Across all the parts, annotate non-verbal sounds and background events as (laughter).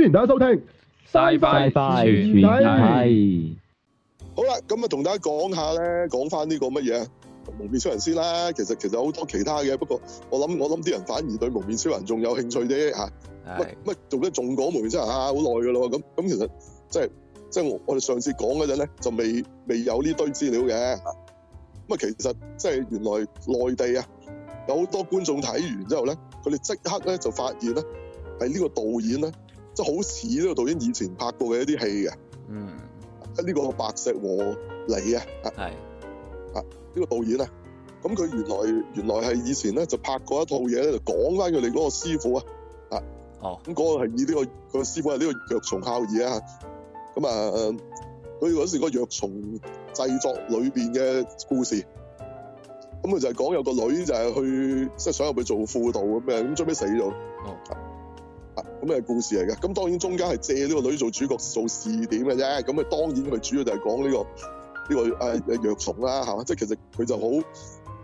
歡迎大家收聽，拜拜拜拜，好啦，咁啊，同大家講下咧，講翻呢個乜嘢？蒙面超人先啦，其實其實有好多其他嘅，不過我諗我諗啲人反而對蒙面超人仲有興趣啲吓，乜乜做咩仲講蒙面超人啊？好耐噶啦，咁咁其實即係即係我我哋上次講嗰陣咧，就未未有呢堆資料嘅，咁啊，其實即係原來內地啊有好多觀眾睇完之後咧，佢哋即刻咧就發現咧係呢個導演咧。即係好似呢個導演以前拍過嘅一啲戲嘅，嗯，呢個白石和你啊，係啊呢個導演啊，咁佢原來原來係以前咧就拍過一套嘢咧，講翻佢哋嗰個師傅啊，啊，哦，咁、那、嗰個係以呢個佢師傅係呢個藥蟲孝義啊，咁啊佢嗰時個藥蟲製作裏邊嘅故事，咁佢就係講有個女就係去即係、就是、想入去做輔導咁樣，咁最尾死咗。哦。咁啊，故事嚟嘅。咁當然中間係借呢個女做主角做視點嘅啫。咁啊，當然佢主要就係講呢個呢個誒誒藥蟲啦，係嘛。即係其實佢就好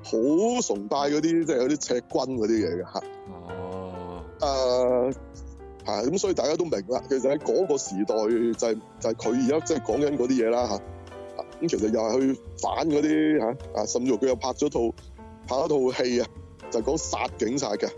好崇拜嗰啲，即係有啲赤軍嗰啲嘢嘅吓。哦。誒，係咁，所以大家都明啦。其實喺嗰個時代就係就係佢而家即係講緊嗰啲嘢啦吓。咁其實又係去反嗰啲吓啊，甚至佢又拍咗套拍咗套戲啊，就講殺警察嘅。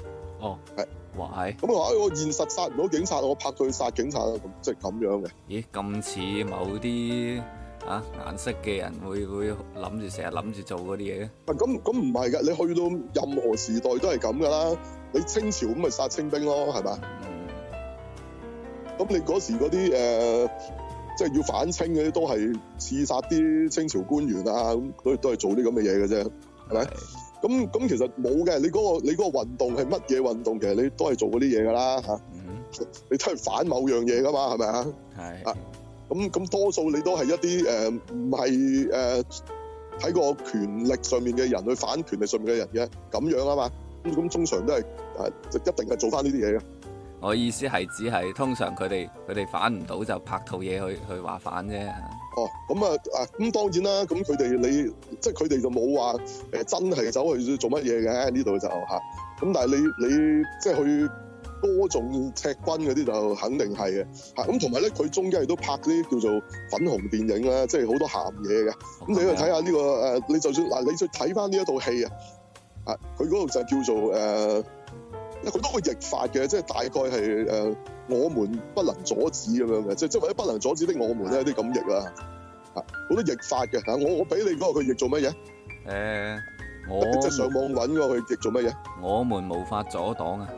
哦。係。哇係！咁啊，我現實殺唔到警察，我拍佢殺警察啊，即係咁樣嘅。咦，咁似某啲啊顏色嘅人會會諗住成日諗住做嗰啲嘢咧？啊，咁咁唔係噶，你去到任何時代都係咁噶啦。你清朝咁咪殺清兵咯，係嘛？咁、嗯、你嗰時嗰啲誒，即、呃、係、就是、要反清嗰啲都係刺殺啲清朝官員啊，咁佢都係做啲咁嘅嘢嘅啫，係咪？咁咁其實冇嘅，你嗰個你嗰個運動係乜嘢運動？其實你都係做嗰啲嘢噶啦嚇，你都係反某樣嘢噶嘛，係咪啊？係啊，咁咁多數你都係一啲誒唔係誒喺個權力上面嘅人去反權力上面嘅人嘅咁樣啊嘛，咁咁通常都係誒就一定係做翻呢啲嘢嘅。我意思係只係通常佢哋佢哋反唔到就拍套嘢去去話反啫。咁、哦、啊、欸，啊，咁當然啦，咁佢哋你即係佢哋就冇話誒真係走去做乜嘢嘅呢度就嚇，咁但係你你即係去歌頌赤軍嗰啲就肯定係嘅嚇，咁同埋咧佢中間亦都拍啲叫做粉紅電影啦、啊，即係好多鹹嘢嘅，咁你去睇下呢、呢個誒、啊，你就算嗱，你再睇翻呢一套戲啊，啊，佢嗰度就叫做誒。啊好多個譯法嘅，即係大概係誒、呃，我們不能阻止咁樣嘅，即係即係不能阻止的我們咧有啲咁譯啦，吓、啊、好多譯法嘅吓，我我俾你嗰個佢譯做乜嘢？誒，我、那個欸、我即係上網搵噶、那個，佢譯做乜嘢？我們無法阻擋啊！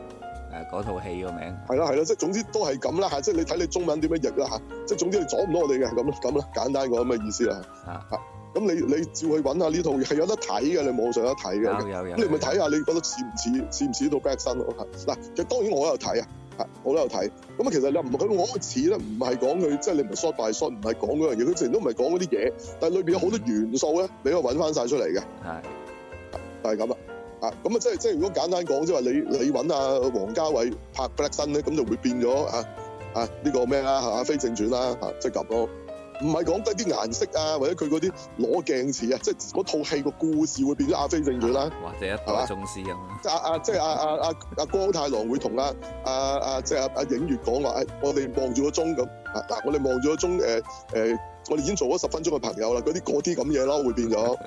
誒，嗰套戲個名係啦係啦，即係、啊、總之都係咁啦吓，即係你睇你中文點樣譯啦吓，即係總之你阻唔到我哋嘅，咁咁啦，簡單個咁嘅意思啦。啊啊咁你你照去揾下呢套，係有得睇嘅，你網上有得睇嘅。有，有，有，有你咪睇下，你覺得似唔似？似唔似呢套 Black Sun 咯？嗱，其實當然我有睇啊，我都有睇。咁啊，其實你唔佢我似咧，唔係講佢，即係你唔係 short 版 short，唔係講嗰樣嘢，佢成都唔係講嗰啲嘢，但係裏邊有好多元素咧，你去揾翻晒出嚟嘅。係，係咁啦。啊，咁啊，即係即係，如果簡單講，即係話你你揾下黃家偉拍 Black Sun 咧，咁就會變咗啊啊呢、呢個咩啊？非正傳啦即係咁咯。啊就是唔係講低啲顏色啊，或者佢嗰啲攞鏡詞啊，即係嗰套戲個故事會變咗阿飛正傳啦。哇！或者、 (laughs) 啊，係一打鐘師咁。即係阿阿阿光太郎會同阿即阿影月講話、哎，我哋望住個鐘咁。嗱、啊，我哋望住個鐘、啊啊、我哋已經做咗十分鐘嘅朋友啦。嗰啲嗰啲咁嘢咯，會變咗。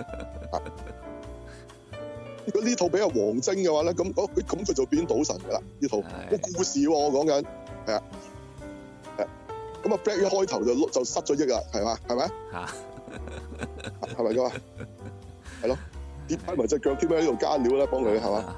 (laughs) 如果呢套畀阿王晶嘅話咧，咁咁佢就變賭神㗎啦。呢套個故事我講緊係啊。咁啊，Black 一開頭就就失咗憶啦，係嘛？係咪啊？嚇， (laughs) 係咪噶嘛？係咯，跌低埋隻腳，點解喺度加料咧？幫佢係嘛？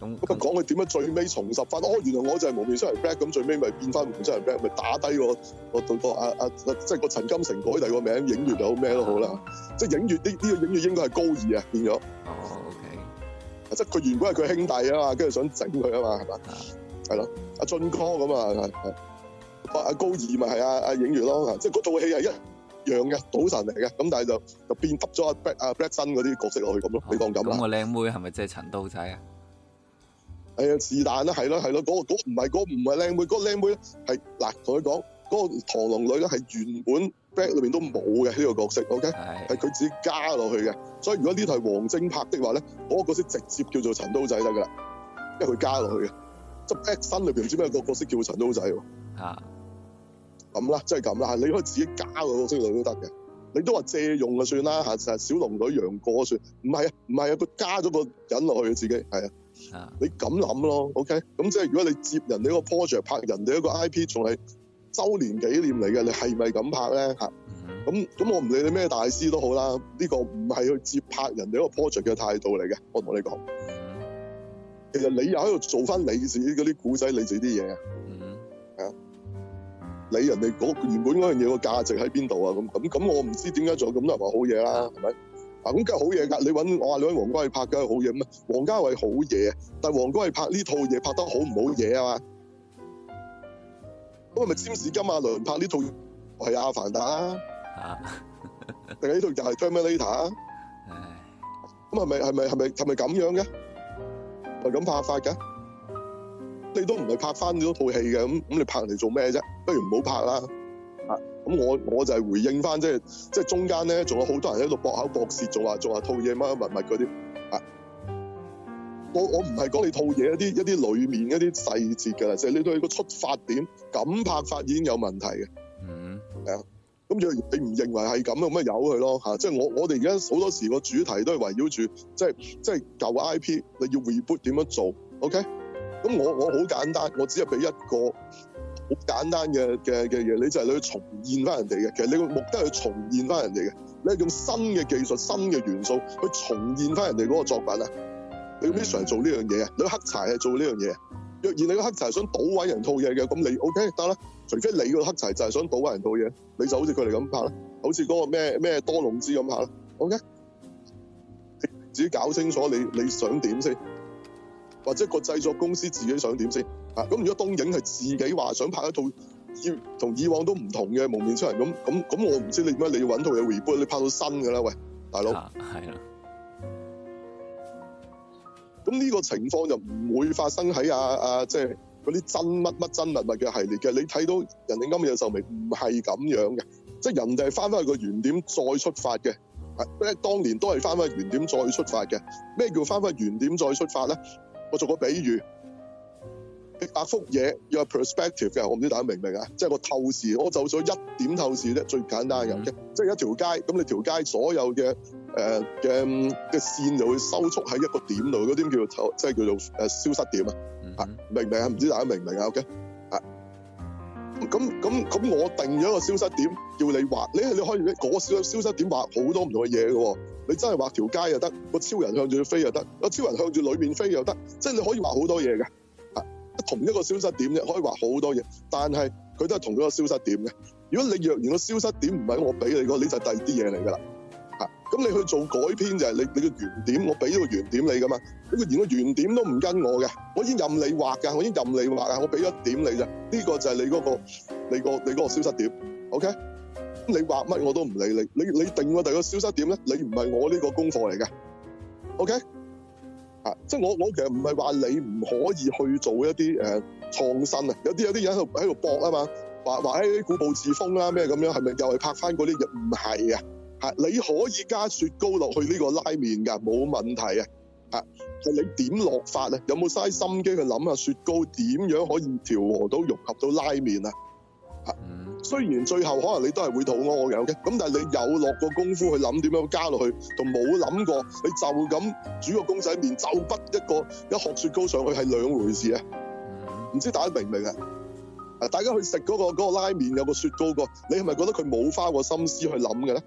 咁咁講佢點樣最尾重拾返？哦，原來我就係幪面超人 Black，咁最尾咪變翻幪面超人 Black，咪打低我，我仲個阿啊即係個陳金城改第二個名，影月就好咩都好啦， (laughs) 即影月呢呢個影月應該係高二啊，變咗。o (laughs) k 即係佢原本係佢兄弟 (laughs) 啊嘛，跟住想整佢啊嘛，係嘛？係咯，阿俊哥咁啊。阿高二咪係阿阿影月咯，即係嗰套戲係一樣嘅賭神嚟嘅，咁但係就就變揼咗阿 Black 阿 Black Sun 嗰啲角色落去咁咯，你講咁啊？嗰個靚妹係咪即係陳刀仔啊？係啊，是但啦，係咯係咯，嗰個嗰個唔係嗰個唔係靚妹，嗰個靚妹係嗱同你講嗰個螳螂女咧係原本 Black 裏邊都冇嘅呢個角色，OK 係，係佢自己加落去嘅。所以如果呢台王晶拍的話咧，嗰個角色直接叫做陳刀仔得噶啦，因為佢加落去嘅，即係 Black Sun 裏邊唔知咩個角色叫陳刀仔喎啊。咁啦，即係咁啦，你可以自己加個《西遊記》都得嘅。你都話借用就算啦，吓，就係《小龍女》《楊過》算。唔係啊，唔係啊，佢加咗個人落去自己，係啊。你咁諗咯，OK？咁即係如果你接人哋一個 project 拍人哋一個 IP，仲係周年紀念嚟嘅，你係咪咁拍咧？吓、嗯，咁咁我唔理你咩大師都好啦，呢、這個唔係去接拍人哋一個 project 嘅態度嚟嘅。我同你講、嗯，其實你又喺度做翻你自己嗰啲古仔、你自己啲嘢啊，係、嗯、啊。你人哋嗰原本嗰樣嘢個價值喺邊度啊？咁咁咁，我唔知點解做咁又話好嘢啦，係咪？嗱，咁梗係好嘢噶。你揾我話你揾王家衞拍嘅梗係好嘢咩？王家衞好嘢，但係王家衞拍呢套嘢拍得好唔好嘢啊？咁係咪占士金阿倫拍呢套係阿凡達啊？係啊，但係呢套就係《Terminator》啊。咁係咪係咪係咪係咪咁樣嘅？係咁拍法㗎。你都唔係拍翻嗰套戲嘅，咁咁你拍人哋做咩啫？不如唔好拍啦。啊，咁我我就係回應翻，即係即係中間咧，仲有好多人喺度搏口搏舌，仲話仲話套嘢乜乜乜物嗰啲。啊，我我唔係講你套嘢一啲一啲裏面一啲細節嘅啦，即係你對個出發點咁拍法已經有問題嘅。嗯。係啊。咁你你唔認為係咁啊？咁咪由佢咯。吓，即係我我哋而家好多時個主題都係圍繞住，即係即係舊 IP 你要 reboot 點樣做？OK。咁我我好簡單，我只係俾一個好簡單嘅嘅嘅嘢，就係、你就係去重現翻人哋嘅。其實你個目的係重現翻人哋嘅，你係用新嘅技術、新嘅元素去重現翻人哋嗰個作品啊。你 Michelle 做呢樣嘢啊，你個黑柴係做呢樣嘢。若然你個黑柴想倒位人套嘢嘅，咁你 OK 得啦。除非你個黑柴就係想倒位人套嘢，你就好似佢哋咁拍啦，好似嗰個咩咩多龍之咁拍啦。OK，自己搞清楚你你想點先。或者個製作公司自己想點先啊？咁如果東映係自己話想拍一套，要同以往都唔同嘅《幪面超人》咁咁咁，我唔知你點解你要揾套嘢 reboot，你拍到新㗎喇？喂，大佬，咁、係啊、呢個情況就唔會發生喺啊啊，即係嗰啲真乜乜真物物嘅系列嘅。你睇到人哋《暗夜嘅壽命》唔係咁樣嘅，即係人哋係翻返去個原點再出發嘅、啊。當當年都係翻返去原點再出發嘅。咩叫翻返去原點再出發咧？我做個比喻，你畫幅嘢要有 perspective 嘅，我唔知大家明唔明啊？即係個透視，我就咗一點透視啫，最簡單嘅，即、嗯、係、okay? 一條街咁，你條街所有嘅誒嘅嘅線就會收縮喺一個點度，嗰啲叫，叫做即係叫做誒消失點、嗯、啊，明唔明啊？唔知大家明唔明啊？OK，啊，咁咁咁，我定咗個消失點，叫你畫，你你可以嗰、嗰個消消失點畫好多唔同嘅嘢嘅喎。你真係畫條街又得，個超人向住去飛又得，個超人向住裏面飛又得，即係你可以畫好多嘢嘅，啊，同一個消失點啫，可以畫好多嘢，但係佢都係同一個消失點嘅。如果你若然個消失點唔係我俾你的，嗰呢就係第二啲嘢嚟㗎啦，嚇、啊。咁你去做改編就係你你嘅原點，我俾咗個原點你㗎嘛，咁佢連個原點都唔跟我嘅，我已經任你畫㗎，我已經任你畫啊，我俾咗點你啫，呢個就係你嗰個你個你嗰個消失點，OK？你話乜我都唔理你，你你定喎，第二個消失點咧，你唔係我呢個功課嚟嘅，OK？吓、啊，即係我我其實唔係話你唔可以去做一啲誒創新啊，有啲有啲人喺度喺度搏啊嘛，話話誒固步自封啊咩咁樣，係咪又係拍翻嗰啲又唔係啊？吓，你可以加雪糕落去呢個拉麵噶，冇問題啊，吓、就是、你點落法咧？有冇嘥心機去諗下雪糕點樣可以調和到融合到拉麵啊？嗯、雖然最後可能你都係會肚屙嘅，咁、okay? 但係你有落過功夫去諗點樣加落去，同冇諗過你就咁煮個公仔麵就筆一個一盒雪糕上去係兩回事啊！唔知大家明唔明啊？啊，大家去食嗰、嗰個、嗰個拉麵有個雪糕個，你係咪覺得佢冇花過心思去諗嘅咧？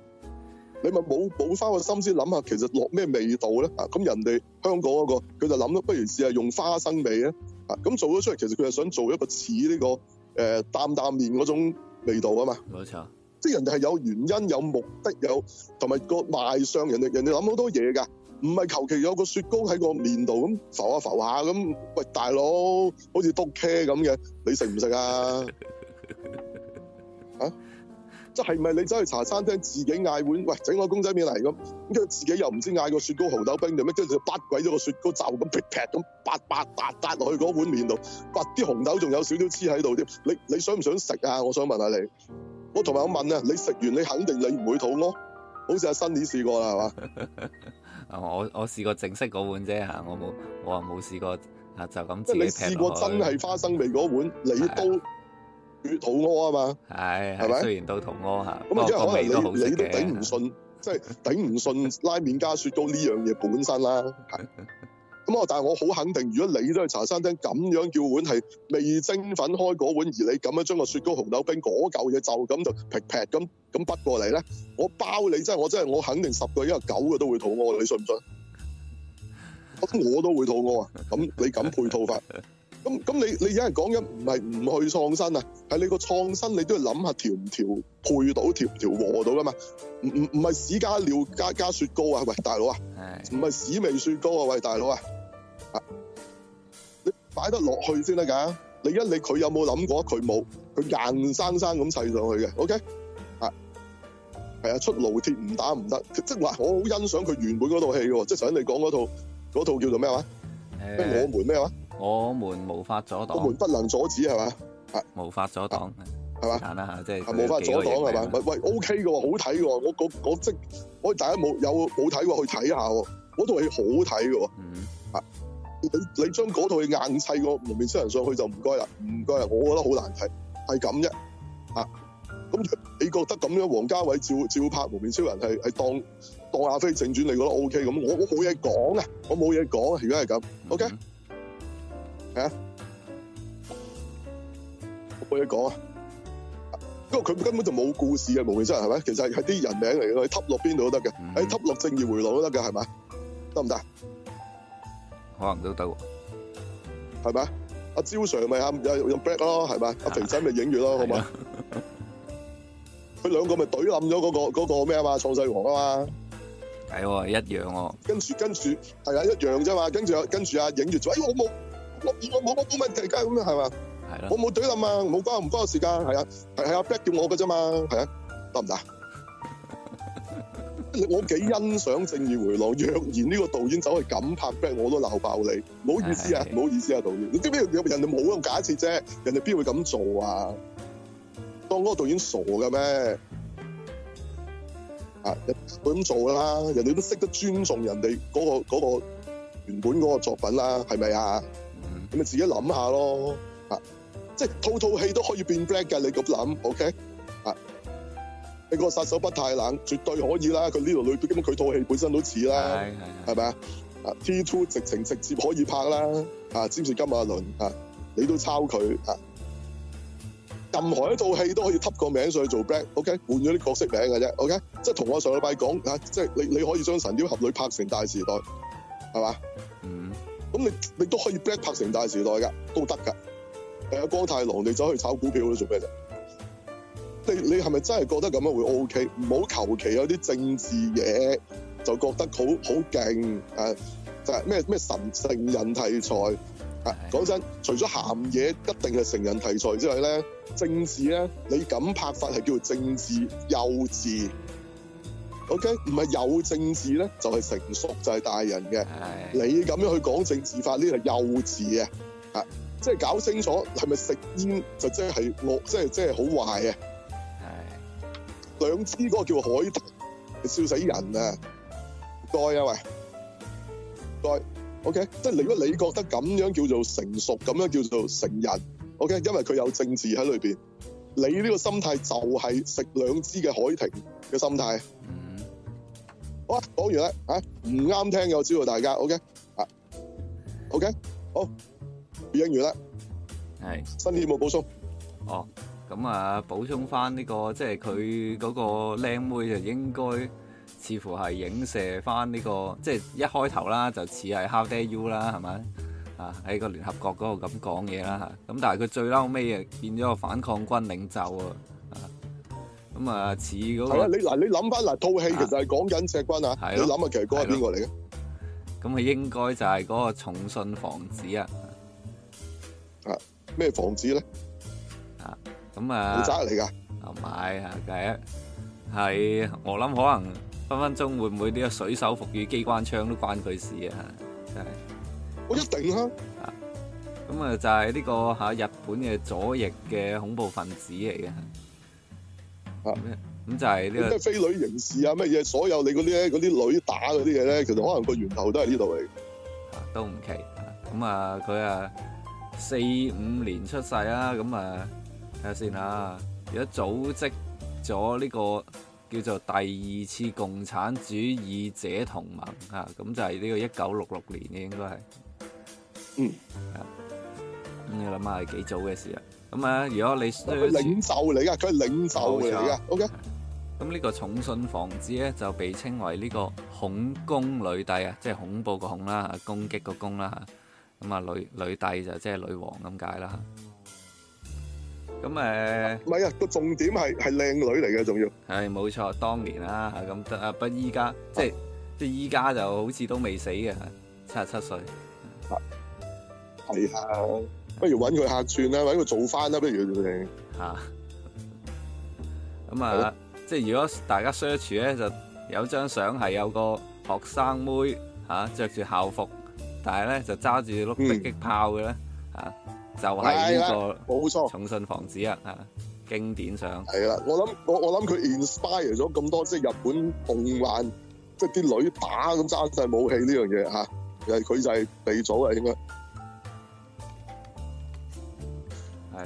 你咪冇冇花過心思諗下，其實落咩味道咧？啊，咁人哋香港嗰、嗰個佢就諗咯，不如試下用花生味咧，啊咁做咗出嚟，其實佢係想做一個似呢、呢個。誒、呃，擔擔麵嗰種味道啊嘛，冇錯，即係人哋係有原因、有目的、有同埋個賣相，人哋人哋諗好多嘢噶，唔係求其有個雪糕喺個面度咁浮下浮下咁，喂，大佬，好似篤茄咁嘅，你食唔食啊？ (laughs) 啊？即係咪你走去茶餐廳自己嗌碗，喂，整個公仔麵嚟咁，跟住自己又唔知嗌個雪糕紅豆冰定咩？跟住就八鬼咗個雪糕就咁，劈劈咁八八八八落去嗰碗麵度，八啲紅豆仲有少少黐喺度添。你你想唔想食啊？我想問下你。我同埋咁問啊，你食完你肯定你唔會肚屙，好似阿新你試過啦係嘛？啊，我我試過正式嗰碗啫嚇，我冇我啊冇試過啊就咁即係你試過真係花生味嗰碗，你都。佢肚屙啊嘛，係係咪？雖然都肚屙嚇，咁啊，因為可能你都你都頂唔順，即 (laughs) 係頂唔順拉麪加雪糕呢樣嘢本身啦。咁啊， (laughs) 但係我好肯定，如果你都係茶餐廳咁樣叫碗係味精粉開嗰碗，而你咁樣將個雪糕紅豆冰嗰嚿嘢就咁就劈劈咁咁畢過嚟咧，我包你真係我真係我肯定十個因為九個都會肚屙，你信唔信？咁 (laughs) 我都會肚屙啊！咁你敢配套法？ (laughs) 咁咁你你而家係講緊唔係唔去創新啊？係你個創新你想想，你都要諗下調唔調配到，調唔調和到噶嘛？唔唔唔係屎加尿加加雪糕啊？喂，大佬啊，唔係屎味雪糕啊？喂，大佬啊，啊，你擺得落去先得噶。你一你佢有冇諗過？佢冇，佢硬生生咁砌上去嘅。OK，係係啊，出爐鐵唔打唔得。即係話我好欣賞佢原本嗰套戲嘅。即係頭先你講嗰套嗰套叫做咩話？誒，我們咩話？我們無法阻擋，我們不能阻止係嘛？係無法阻擋係嘛？難啦吓，即係冇法阻擋係嘛？唔，喂，O K 嘅喎，好睇嘅喎，我我我即我大家冇有冇睇過去睇下喎，嗰套戲好睇嘅喎。嗯，啊，你你將嗰套戲硬砌個幪面超人上去就唔該啦，唔該啦，我覺得好難睇，係咁啫。啊，咁你覺得咁樣，王家衛照照拍幪面超人係係當當阿飛正傳，你覺得 O K 咁？我我冇嘢講啊，我冇嘢講。如果係咁，O K。嗯 OK? 係啊，我一講啊，不過佢根本就冇故事嘅，無名真人係咪？其實係係啲人名嚟嘅，喺吸落邊度都得嘅，喺吸落正義回廊都得嘅，係咪？得唔得？可能都得，係咪？阿招 Sir 咪阿又用 black 咯，係咪？阿肥仔咪影月咯，好冇？佢兩個咪懟冧咗嗰個嗰個咩啊嘛？創世王啊嘛？係一樣哦。跟住跟住係啊，一樣啫嘛。跟住跟住阿影月，喂我冇。我我冇，我冇問題噶咁樣係嘛，我冇懟冧啊，冇關，唔關我時間，係啊，係啊 Black 叫我嘅啫嘛，係啊，得唔得？ (laughs) 我幾欣賞正義迴廊，若然呢個導演走去咁拍 Black，我都鬧爆你，唔好意思啊，唔好意思啊，導演，你知唔知道人哋冇咁假設啫？人哋邊會咁做啊？當嗰個導演傻嘅咩？啊，佢咁做啦，人哋都識得尊重人哋嗰、嗰個、嗰個原本嗰個作品啦，係咪啊？咁咪自己諗下咯，啊，即係套套戲都可以變 black 嘅，你咁諗，OK？啊，你個殺手不太冷絕對可以啦，佢呢度裏邊根本佢套戲本身都似啦，係咪啊？啊，T Two 直情直接可以拍啦，啊，占士金馬倫啊，你都抄佢啊，任何一套戲都可以扱個名上去做 black，OK？換咗啲角色名嘅啫，OK？即係同我上禮拜講啊，即係你你可以將神雕俠侶拍成大時代，係嘛？嗯。咁你你都可以 black 拍成大時代噶，都得噶。誒，光太郎，你走去炒股票咧，做咩啫？你你係咪真係覺得咁樣會 OK？唔好求其有啲政治嘢，就覺得好好勁誒，就係咩咩神聖成人題材。啊，講真，除咗鹹嘢一定係成人題材之外咧，政治咧，你咁拍法係叫做政治幼稚。O K，唔係有政治咧，就係成熟，就係大人嘅。你咁樣去講政治法呢？係幼稚嘅，啊，即係搞清楚係咪食煙就即係惡，即係即係好壞啊？係兩支嗰個叫海婷，笑死人啊！該啊喂，該 O K，即係如果你覺得咁樣叫做成熟，咁樣叫做成人，O K，因為佢有政治喺裏邊，你呢個心態就係食兩支嘅海婷嘅心態。哇、啊，講完咧，吓唔啱聽嘅，我知道大家，OK，啊，OK，好，表演完咧，係，新節目冇補充，哦，咁啊，補充翻呢個，即係佢嗰個靚妹就應該似乎係影射翻呢個，即係一開頭啦，就似係 How dare you 啦，係咪？啊，喺個聯合國嗰度咁講嘢啦，吓，咁但係佢最嬲尾啊，變咗個反抗軍領袖啊。咁啊，似嗰、那個係你嗱，你諗翻嗱套戲其實係講緊石君啊，你諗下其實嗰個係邊個嚟嘅？咁啊，應該就係嗰個重信房子啊，啊，咩房子咧？啊，咁啊，豪宅嚟噶，唔啊，啊，係、啊啊啊、我諗可能分分鐘會唔會呢個水手服與機關槍都關佢事啊？真係，我一定啊！咁、這個、啊，就係呢個吓日本嘅左翼嘅恐怖分子嚟嘅。咁、啊、就係呢、呢個，都係飛女刑事啊，咩嘢？所有你嗰啲啲女打嗰啲嘢咧，其實可能個源頭都係呢度嚟。都唔奇。咁啊，佢啊四五、啊、年出世啦。咁啊睇下先啊。而家組織咗呢、呢個叫做第二次共產主義者同盟咁、啊、就係呢個一九六六年嘅應該係。嗯。啊。咁你諗下係幾早嘅事啊？咁啊！如果你需佢領袖嚟噶，佢係領袖嚟噶。O K，咁呢個重信房子咧，就被稱為呢個恐攻女帝啊，即係恐怖個恐啦，攻擊個攻啦。咁啊，女女帝就即係女王咁解啦。咁啊，唔係啊，個重點係係靚女嚟嘅，仲要係冇錯。當年啦，咁得啊，不依家即係即係依家就好似都未死嘅，七十七歲。係好。不如揾佢客串啦，揾佢做翻啦，不如你，哋嚇。咁啊，啊即係如果大家 search 咧，就有張相係有個學生妹嚇，着、啊、住校服，但係咧就揸住碌迫擊炮嘅咧嚇，就係呢、嗯啊就是、個冇錯、啊，重信房子啊嚇，經典相。係啦，我諗我我諗佢 inspire 咗咁多即係日本動漫、嗯，即係啲女打咁揸晒武器呢樣嘢嚇，係、啊、佢就係鼻祖啊應該。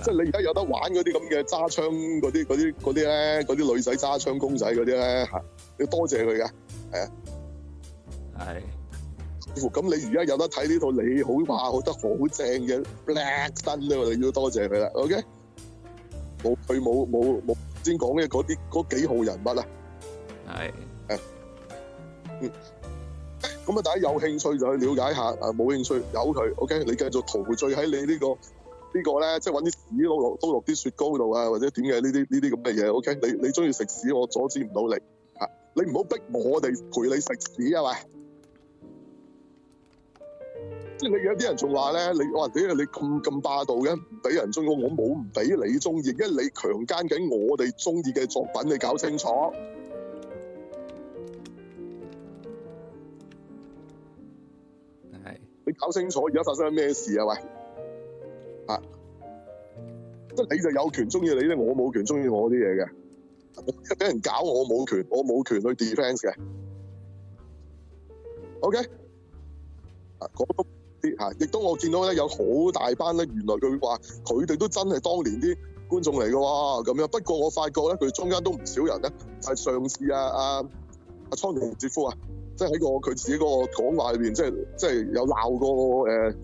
即係你而家有得玩嗰啲咁嘅揸槍嗰啲嗰啲嗰啲咧嗰啲女仔揸槍公仔嗰啲咧吓，要多謝佢㗎係啊，係。咁你而家有得睇呢套你好怕好得好正嘅 BLACK SUN 咧，我哋要多謝佢啦。OK，冇佢冇冇冇先講嘅嗰啲嗰幾號人物啊，係，誒，嗯，咁啊，大家有興趣就去了解下，啊，冇興趣由佢，OK，你繼續陶醉喺你呢個。這個、呢個咧，即係搵啲屎撈落撈落啲雪糕度啊，或者點嘅呢啲呢啲咁嘅嘢，OK？你你中意食屎，我阻止唔到你。嚇！ (music) 你唔好逼我哋陪你食屎，啊，咪？即係你有啲人仲話咧，你話點解你咁咁霸道嘅，唔俾人中意，我冇唔俾你中意，而係你強姦緊我哋中意嘅作品，你搞清楚。係。 (music) 你搞清楚而家發生咩事啊？喂！ (music) (music) (music) (music) 啊！即係你就有權中意你咧，我冇權中意我啲嘢嘅。俾人搞我冇權，我冇權去 defense 嘅。OK？啊，講啲吓亦都我見到咧，有好大班咧，原來佢話佢哋都真係當年啲觀眾嚟嘅喎。咁樣，不過我發覺咧，佢中間都唔少人咧係、就是、上次啊啊啊，倉、啊、田哲夫啊，即係喺個佢自己個個講話裏邊，即係即係有鬧過誒。呃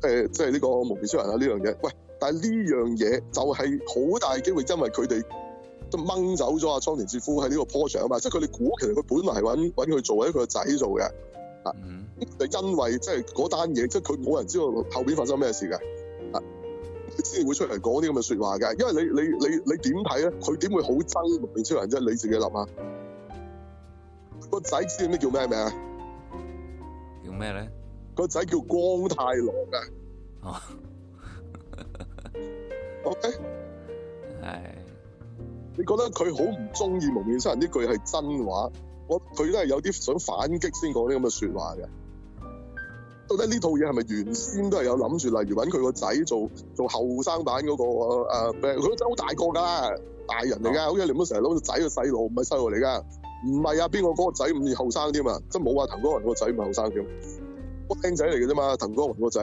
誒、欸，即係呢個蒙面超人啊！呢樣嘢，喂，但係呢樣嘢就係好大機會，因為佢哋都掹走咗阿倉田哲夫喺呢個 project 啊嘛，即係佢哋估其實佢本來係揾揾佢做或者佢個仔做嘅，啊，就因為即係嗰單嘢，即係佢冇人知道後面發生咩事嘅，啊，先會出嚟講啲咁嘅説話嘅，因為你你你你點睇咧？佢點會好憎蒙面超人啫？即係你自己諗啊！個仔知唔知叫咩名啊？叫咩咧？個仔叫光太郎嘅，哦 (laughs) ，OK，係。你覺得佢好唔中意蒙面超人呢句係真話？我佢都係有啲想反擊先講啲咁嘅說話嘅。到底呢套嘢係咪原先都係有諗住，例如揾佢個仔做做後生版嗰個誒？佢都好大個噶啦，大人嚟噶。好、嗯、似、okay, 你唔好成日諗住仔個細路，唔係細路嚟噶，唔係啊？邊個嗰個仔唔後生添啊？即係冇話藤岡弘個仔唔後生添。僆仔嚟嘅啫嘛，藤光雲個仔。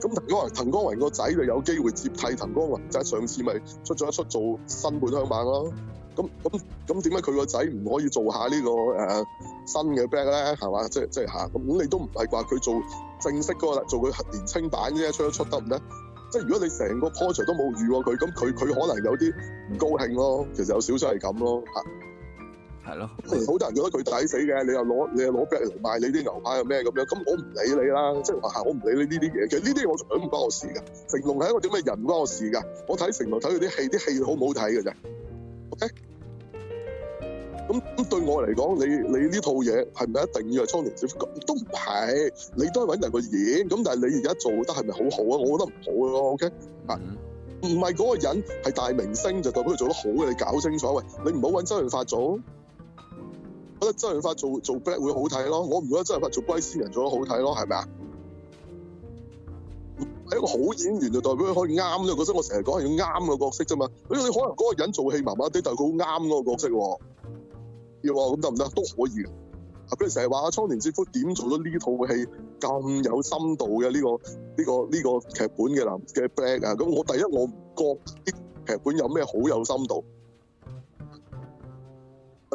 咁藤光雲，藤光雲個仔就有機會接替藤光雲。仔，上次咪出咗一出做新本香版咯。咁咁咁點解佢個仔唔可以做下、呢個呃、呢個新嘅 back 咧？係嘛？即係即係吓。咁你都唔係話佢做正式嗰個，做佢年青版啫，出一出得唔得？即、就、係、是、如果你成個 project 都冇預過佢，咁佢佢可能有啲唔高興咯。其實有少少係咁咯。係咯，好 (noise) 多人覺得佢抵死嘅，你又攞你又攞逼嚟賣你啲牛排，又咩咁樣？咁我唔理你啦，即係話我唔理你呢啲嘢。其實呢啲我全唔關我事噶。成龍係一個點咩人唔關我事噶？我睇成龍睇佢啲戲，啲戲很好唔好睇嘅啫。OK，咁咁對我嚟講，你你呢套嘢係咪一定要係蒼天笑？咁都唔係，你都係揾人個演。咁但係你而家做得係咪好好啊？我覺得唔好咯。OK，唔係嗰個人係大明星就代表佢做得好嘅，你搞清楚。喂，你唔好揾周潤發做。我覺得周潤發做做 black 會好睇咯，我唔覺得周潤發做龜仙人做得好睇咯，係咪啊？係一個好演員就代表佢可以啱呢個角色。我成日講係要啱個角色啫嘛。你可能嗰個人做戲麻麻地，但係佢好啱嗰個角色喎。又話咁得唔得？都可以。啊！佢哋成日話啊，蒼田紹夫點做到呢套戲咁有深度嘅呢個、呢個、呢個劇本嘅男嘅 black 啊？咁我第一我唔覺啲劇本有咩好有深度。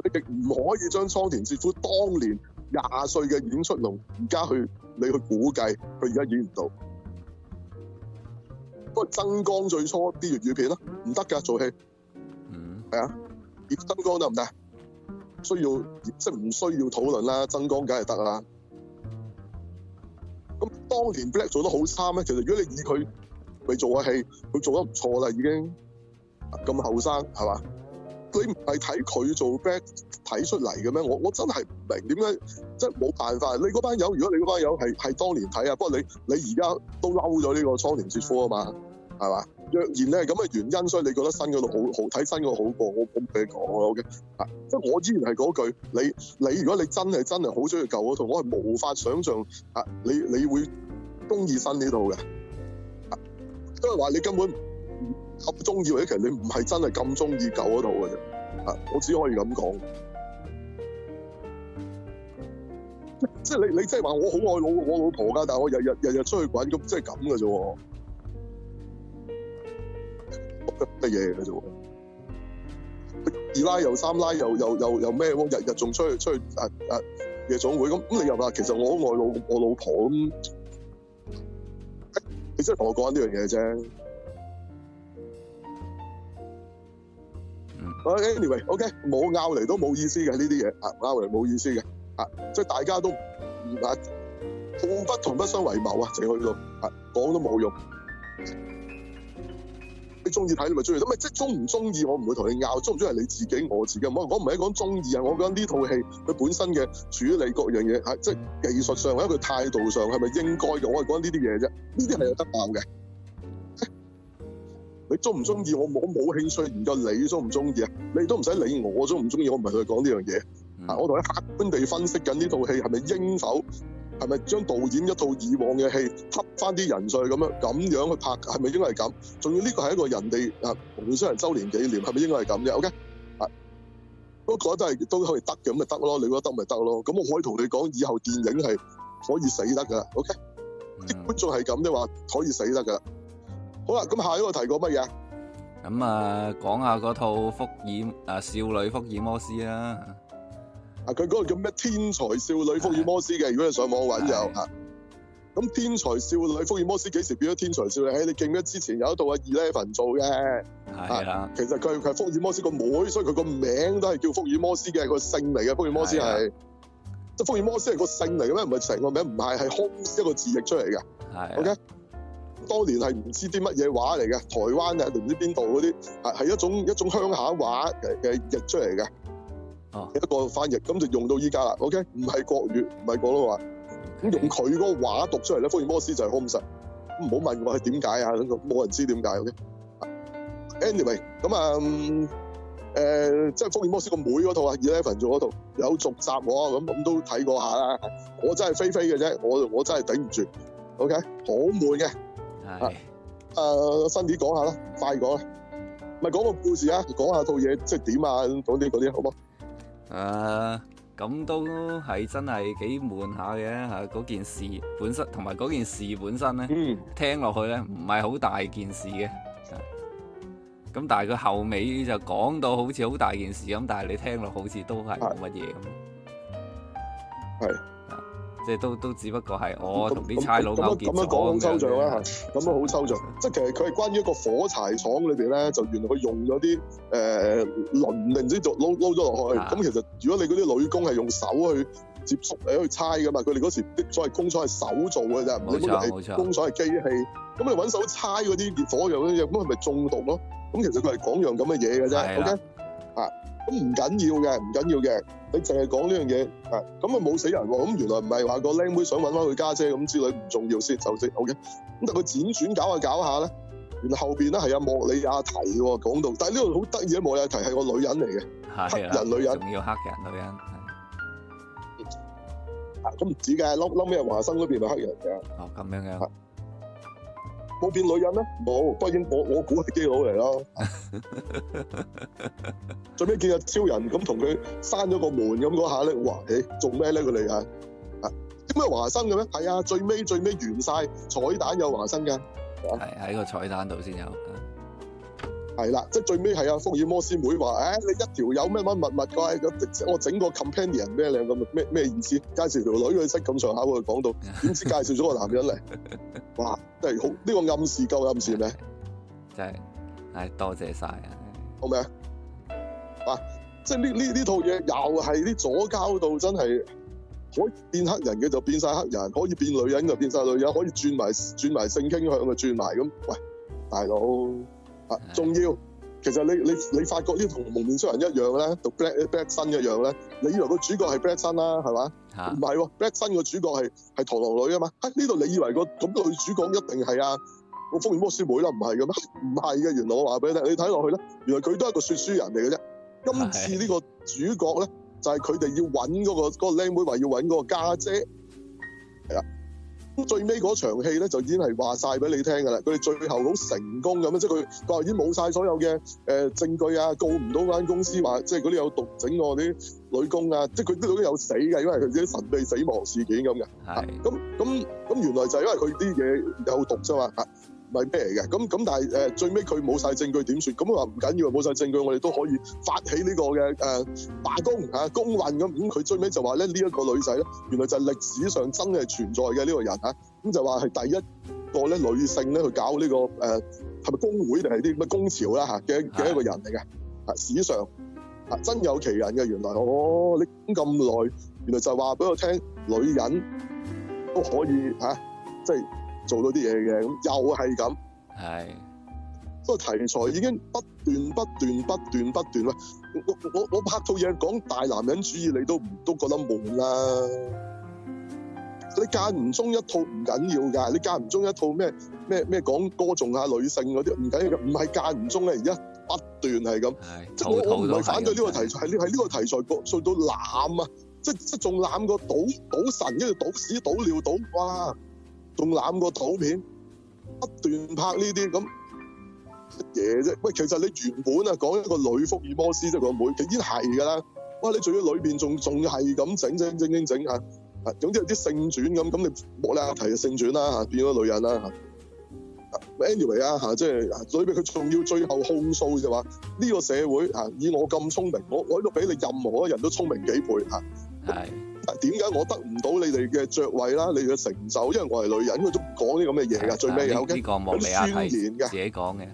亦唔可以將倉田涉夫當年廿歲嘅演出用而家去你去估計，佢而家演唔到。不過燈光最初啲粵語片咯，唔得嘅做戲，嗯，係啊，亦燈光得唔得？需要即係唔需要討論啦，燈光梗係得㗎啦。咁當年 Black 做得好差咩，其實如果你以佢為做嘅戲，佢做得唔錯啦，已經咁後生係嘛？是吧。你唔係睇佢做 back 睇出嚟嘅咩？我我真係唔明點解，即冇辦法。你嗰班友，如果你嗰班友係係當年睇啊，不過你你而家都嬲咗呢個倉頡接貨啊嘛，係嘛？若然你係咁嘅原因，所以你覺得新嗰度好好睇新度好過，我唔俾你講啦，OK？啊，即係我依然係嗰句，你你如果你真係真係好中意舊嗰套，我係無法想象啊！你你會中意新呢度嘅，都係話你根本。咁中意，或者其實你唔係真係咁中意狗嗰度嘅啫，啊！我只可以咁講，即係你你即係話我好愛老我老婆㗎，但係我日日日日出去滾，咁即係咁嘅啫喎，得乜嘢嘅啫？二奶又三奶又又又又咩？我日日仲出去出去啊啊夜總會咁，咁你又話其實我好愛老我老婆咁，你即係同我講緊呢樣嘢啫。anyway，OK，、okay, 冇拗嚟都冇意思嘅呢啲嘢，啊拗嚟冇意思嘅、啊，即係大家都啊，同不，不同不相為謀啊，淨係去到啊，講都冇用。你中意睇你咪中，咁、啊、咪即係中唔中意，我唔會同你拗，中唔中意你自己我自己，我我唔係講中意啊，我覺得呢套戲佢本身嘅處理、你各樣嘢，係即係技術上或者佢態度上係咪應該嘅，我係講呢啲嘢啫，呢啲係有得拗嘅。你中唔中意我冇，我冇興趣。唔夠你中唔中意啊？你都唔使理我中唔中意。我唔係去佢講呢樣嘢啊！Mm -hmm. 我同你客觀地分析緊呢套戲係咪應否，係咪將導演一套以往嘅戲吸翻啲人上去咁樣，咁樣去拍係咪應該係咁？仲要呢個係一個人哋啊，同雙人周年紀念係咪應該係咁嘅？OK 啊、mm -hmm.，嗰個都係都可以得嘅，咁咪得咯。你覺得得咪得咯？咁我可以同你講，以後電影係可以死得㗎。OK，啲、mm -hmm. 觀眾係咁的話，可以死得㗎。好啦，咁下一個題過乜嘢？咁、呃、啊，講下嗰套福爾啊少女福爾摩斯啦。啊，佢嗰個叫咩？天才少女福爾摩斯嘅，如果你上網揾有吓。咁、啊、天才少女福爾摩斯幾時變咗天才少女？誒、欸，你記,記得之前有一套阿 Eleven 做嘅。係啊。其實佢佢係福爾摩斯個妹,妹，所以佢個,個名都係叫福爾摩斯嘅個姓嚟嘅，福爾摩斯係。即福爾摩斯係個姓嚟嘅咩？唔係成個名，唔係係 Holmes 一個字譯出嚟嘅。係。O K。當年係唔知啲乜嘢話嚟嘅，台灣啊定唔知邊度嗰啲啊，係一種一種鄉下話嘅嘅譯出嚟嘅啊，一個翻譯咁就用到依家啦。OK，唔係國語，唔係廣東話，咁用佢嗰個話讀出嚟咧，《福爾摩斯》就係好唔實。唔好問我係點解啊，咁冇人知點解。OK，Anyway，咁啊，誒即係《福爾摩斯》個妹嗰套啊，《Eleven》做嗰套有續集喎，咁咁都睇過下啦。我真係飛飛嘅啫，我我真係頂唔住。OK，好悶嘅。啊！誒，Sunny 講下啦，快講，咪講個故事說說啊，講下套嘢即係點啊，講啲嗰啲好唔好？咁、呃、都係真係幾悶下嘅吓，嗰件事本身同埋嗰件事本身咧、嗯，聽落去咧唔係好大件事嘅，咁但係佢後尾就講到好似好大件事咁，但係你聽落好似都係冇乜嘢咁。係。即係都都只不過係我同啲差佬咁樣講咁抽象啦，咁樣好抽象。抽象即係其實佢係關於一個火柴廠裏邊咧，就原來佢用咗啲誒輪定唔知撈撈咗落去。咁其實如果你嗰啲女工係用手去接觸嚟去猜噶嘛，佢哋嗰時所謂工廠係手做噶咋，唔係工廠係機器。咁你揾手猜嗰啲烈火樣嗰啲嘢，咁係咪中毒咯？咁其實佢係講樣咁嘅嘢嘅啫。係。Okay? 咁唔緊要嘅，唔緊要嘅，你淨係講呢樣嘢，啊，咁啊冇死人喎，咁原來唔係話個靚妹想搵翻佢家姐咁之類，唔重要先，就先 OK 咁但佢剪轉搞下搞下咧，原來後邊咧係阿莫里亞提喎講到，但係呢度好得意咧，莫里亞提係個女人嚟嘅，啊，黑人女人，要黑人女人，啊，咁唔止嘅，冧冧入華生嗰邊係黑人嘅，哦，咁樣嘅。啊冇變女人咧，冇，不然我我估係基佬嚟啦。 (laughs) 最尾見到超人咁同佢閂咗個門咁嗰下咧，哇！誒、欸，做咩咧？佢哋係點解華生嘅咩？係啊，最尾最尾完晒，彩蛋有華生㗎，係喺個彩蛋度先有。係啦，即最尾係阿福爾摩斯妹話，誒、哎，你一條友咩乜密密怪，咁我整個 companion 咩靚咁，咩咩意思？介紹條女去識咁上下，佢講到，點知介紹咗個男人嚟，哇，真係好呢、這個暗示夠暗示咩？真係，唉，多謝晒啊，好咩啊？啊，即呢呢呢套嘢又係啲左膠到真係可以變黑人嘅就變晒黑人，可以變女人就變晒女人，可以轉埋轉埋性傾向就轉埋咁。喂，大佬。啊！仲要，其實你你你，你發覺呢同蒙面超人一樣咧，讀 Black Black Sun 一樣咧，你以為個主角係 Black Sun 啦，啊，係、啊啊、嘛？唔係喎，Black Sun 個主角係係螳螂女啊嘛！喺呢度，你以為、個咁、個女主角一定係啊我個福爾摩斯妹啦？唔係嘅咩？唔係嘅，原來我話俾你聽，你睇落去咧，原來佢都係一個說書人嚟嘅啫。今次呢個主角咧，就係佢哋要揾嗰、嗰個嗰靚、嗰個、妹，話要揾嗰個家姐，姐。最尾嗰場戲咧，就是、已經係話晒俾你聽㗎啦。佢哋最後好成功咁，即係佢話已經冇晒所有嘅誒證據啊，告唔到間公司話，即係嗰啲有毒整我啲女工啊，即係佢啲都有死嘅，因為佢自己神秘死亡事件咁嘅。係，咁咁咁原來就係因為佢啲嘢有毒啫嘛。係咩嚟嘅？咁咁但係誒、呃，最尾，佢冇晒證據點算？咁我話唔緊要，冇晒證據，我哋都可以發起呢、這個嘅誒、呃、罷工嚇、啊、工運咁。咁佢最尾就話咧，呢、這、一個女仔咧，原來就係歷史上真係存在嘅呢、這個人嚇。咁、啊、就話係第一個咧女性咧去搞呢、這個誒，係、呃、咪工會定係啲咩工潮啦嚇嘅嘅一個人嚟嘅嚇史上嚇、啊、真有其人嘅。原來哦，你咁耐原來就係話俾我聽，女人都可以嚇、啊、即係。做到啲嘢嘅，咁又係咁。係，個題材已經不斷不斷不斷不斷啦。我我我拍套嘢講大男人主義，你都唔都覺得悶啦？你間唔中一套唔緊要㗎，你間唔中一套咩咩咩講歌頌下女性嗰啲唔緊要，唔係的不是間唔中咧，而家不斷係咁。即係我同同我唔係反對呢個題材，係呢係呢個題材講衰到攬啊！即即仲攬過賭賭神，跟住賭屎賭尿賭,賭哇！仲攬過圖片不斷拍呢啲咁嘢啫，喂！其實你原本啊講一個女福爾摩斯啫，個妹，佢已經係㗎啦。哇！你仲要裏邊仲仲係咁整整整整整啊啊！總之有啲性轉咁，咁你莫里亞提嘅性轉啦嚇，變咗女人啦。Anyway 啊嚇，即係裏邊佢仲要最後控訴就話呢個社會嚇，以我咁聰明，我我喺度俾你任何一人都聰明幾倍嚇。係。點解我得唔到你哋嘅爵位啦？你嘅成就，因為我係女人，佢都講啲咁嘅嘢噶，最尾有啲個莫里亞，亞提自己講嘅，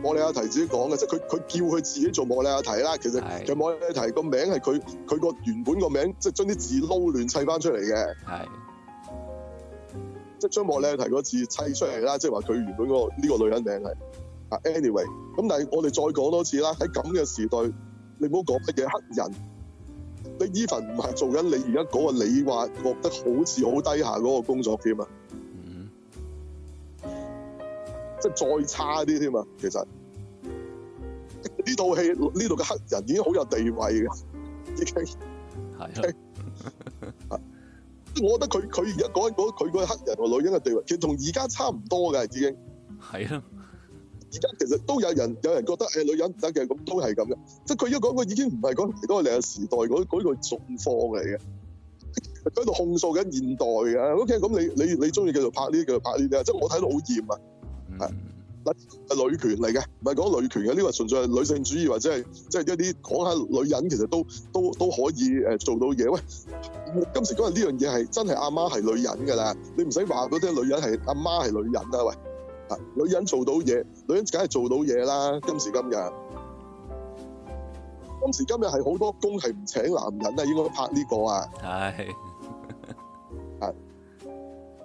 莫里亞提自己講嘅，即係佢佢叫佢自己做莫里亞提啦。其實其實莫里亞提個名係佢佢個原本個名，即係將啲字撈亂砌翻出嚟嘅。係即係將莫里亞提嗰字砌出嚟啦。即係話佢原本個呢個女人名係啊，anyway。咁但係我哋再講多次啦。喺咁嘅時代，你唔好講乜嘢黑人。不你 Even 唔係做緊你而家嗰個你話覺得好似好低下嗰個工作添啊，嗯、mm -hmm.，即係再差啲添啊，其實呢套戲呢度嘅黑人已經好有地位噶，已經係啊， (laughs) (laughs) (laughs) 我覺得佢佢而家講緊佢個黑人個女人嘅地位，其實同而家差唔多㗎，已經係啊。而家其實都有人，有人覺得誒、哎、女人唔得嘅，咁都係咁嘅。即係佢而家講嘅已經唔係講嚟維多利亞時代嗰嗰、嗰個狀、嗰個、況嚟嘅，佢喺度控訴緊現代嘅。OK，咁你你你中意繼續拍呢啲，繼續拍呢啲啊！即係我睇到好厭啊，係嗱係女權嚟嘅，唔係講女權嘅呢、呢個純粹係女性主義或者係即係一啲講下女人其實都都都可以誒做到嘢。喂，今時今日呢樣嘢係真係阿媽係女人㗎啦，你唔使話嗰啲女人係阿媽係女人啊喂。女人做到嘢，女人梗係做到嘢啦。今時今日，今時今日係好多工係唔請男人啦。應該拍呢個啊？係 (laughs) 啊，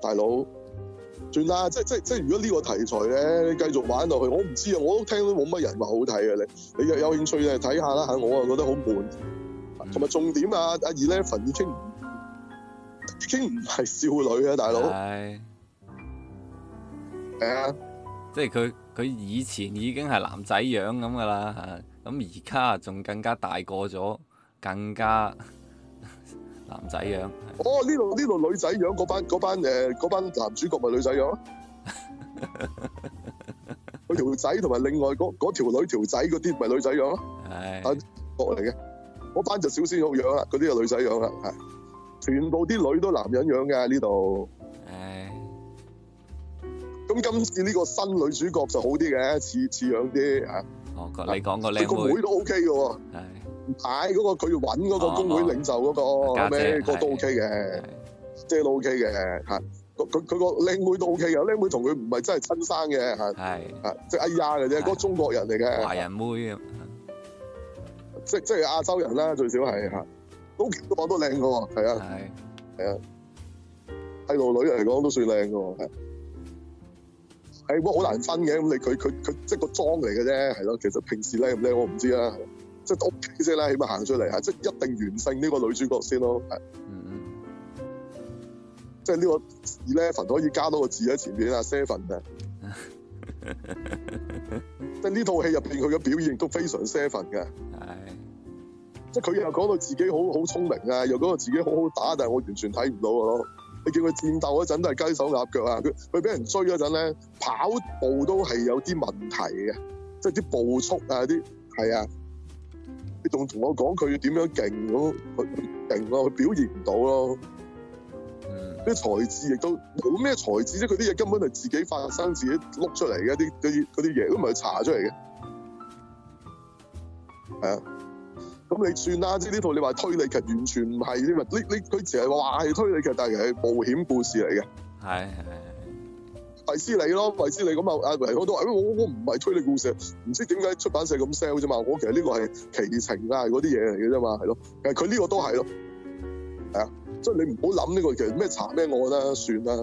大佬，算啦！即係即係即係，即如果呢個題材咧，你繼續玩落去，我唔知啊。我都聽到冇乜人話好睇啊。你你又有興趣咧，睇下啦吓。我啊覺得好悶。同、嗯、埋重點啊，阿 Enola 已經，已經唔係少女啊，大佬。 (laughs) 係、yeah。啊，即係佢佢以前已經係男仔樣咁噶啦，咁而家仲更加大個咗，更加男仔樣。哦，呢度呢度女仔樣，嗰班班誒班、呃、班男主角咪女仔樣咯？嗰條仔同埋另外嗰嗰條女條仔嗰啲咪女仔樣咯？係 (laughs) 國嚟嘅，嗰班就小鮮肉樣啦，嗰啲就女仔樣啦，係全部啲女都男人樣嘅呢度。咁今次呢個新女主角就好啲嘅，似似樣啲我。哦，你講個靚妹，個妹都 OK 嘅喎。唔係嗰個佢要揾嗰個工會領袖嗰，那個後尾，哦哦，姐姐那個都 OK 嘅，遮都 OK 嘅嚇。佢佢個靚妹都 OK 嘅，靚妹同佢唔係真係親生嘅嚇。係啊，即係亞嚟啫，嗰，就是哎，那個，中國人嚟嘅華人妹，即即係亞洲人啦，最少係嚇，都講得靚嘅喎。係啊，係啊，細路女嚟講都算靚嘅喎。係，好難分嘅，咁你佢佢佢即係個裝嚟嘅啫，係咯。其實平時咧咁咧，我唔知啦、OK，即係都 O K 先啦，起碼行出嚟啊，即係一定完勝呢個女主角先咯。嗯，即係呢個 seven 可以加多個字喺前面啊，seven 嘅。7, (laughs) 即係呢套戲入邊，佢嘅表現都非常 seven 嘅。係，即係佢又講到自己好好聰明啊，又講到自己好好打，但係我完全睇唔到咯。你見佢戰鬥嗰陣都係雞手鴨腳啊！佢佢俾人追嗰陣咧，跑步都係有啲問題嘅，即係啲步速啊，啲係啊！你仲同我講佢點樣勁咁，佢勁咯，佢、啊、表現唔到咯。啲才智亦都冇咩才智啫，佢啲嘢根本係自己發生，自己碌出嚟嘅，啲嗰啲啲嘢都唔係查出嚟嘅。係啊。咁你算啦，即呢套你話推理劇完全唔係啫嘛，你你佢淨係話係推理劇，但係係冒險故事嚟嘅。係係，衛斯理咯，衛斯理咁啊，阿維我都，我我唔係推理故事，唔知點解出版社咁 sell 啫嘛？我其實呢個係奇情啊，嗰啲嘢嚟嘅啫嘛，係咯。但佢呢個都係咯，係、這個、啊，即係你唔好諗呢個其實咩查咩案，我覺得算啦。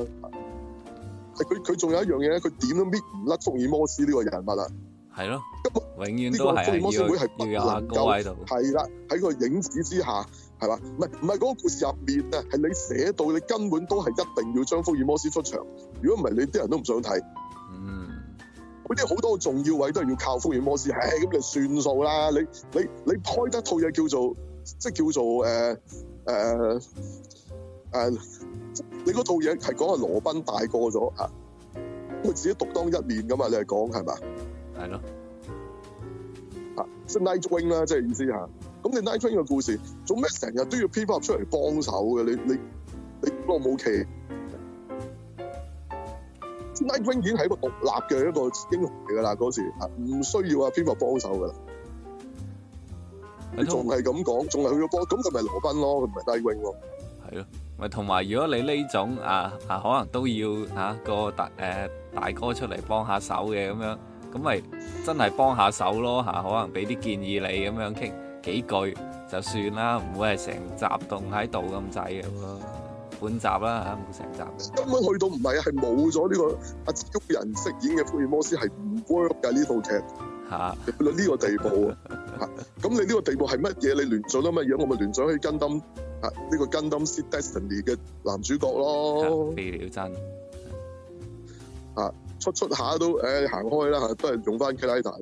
係佢佢仲有一樣嘢咧，佢點都搣唔甩福爾摩斯呢個人物啦、啊。係、嗯、咯，永遠呢，這個福爾摩斯會係不能夠係啦，喺個影子之下，係嘛？唔係唔係嗰個故事入面啊，係你寫到你根本都係一定要將福爾摩斯出場，如果唔係你啲人都唔想睇。嗯，嗰啲好多重要位都係要靠福爾摩斯，係、哎、咁你算數啦。你你你開一套嘢叫做，即係叫做誒誒誒，你嗰套嘢係講阿羅賓大個咗啊，咁佢自己獨當一面噶嘛？你係講係嘛？係咯，吓，即係 Nightwing 啦，即係意思吓。咁你 Nightwing 嘅故事做咩成日都要蝙蝠俠出嚟幫手嘅？你你你羅慕奇，Nightwing 已經係一個獨立嘅一個英雄嚟噶啦。嗰時唔需要阿蝙蝠幫手噶啦，你仲係咁講，仲係去咗幫咁，佢咪羅賓咯？佢唔係 Nightwing 咯？係咯，咪同埋，如果你呢種啊啊，可能都要吓個大誒大哥出嚟幫下手嘅咁樣。咁咪真係幫下手咯吓，可能俾啲建議你咁樣傾幾句就算啦，唔會係成集凍喺度咁滯嘅咯。半集啦吓，唔會成集。根本去到唔係，係冇咗呢個阿超人飾演嘅福爾摩斯係唔 work 嘅呢套劇吓，到呢個地步啊！咁你呢個地步係乜嘢？你聯想乜嘢？我咪聯想起跟燈吓呢個跟燈 set destiny 嘅男主角咯，未了真吓。出出下都，誒、哎、行開啦嚇，都係用翻《茄拉大王》。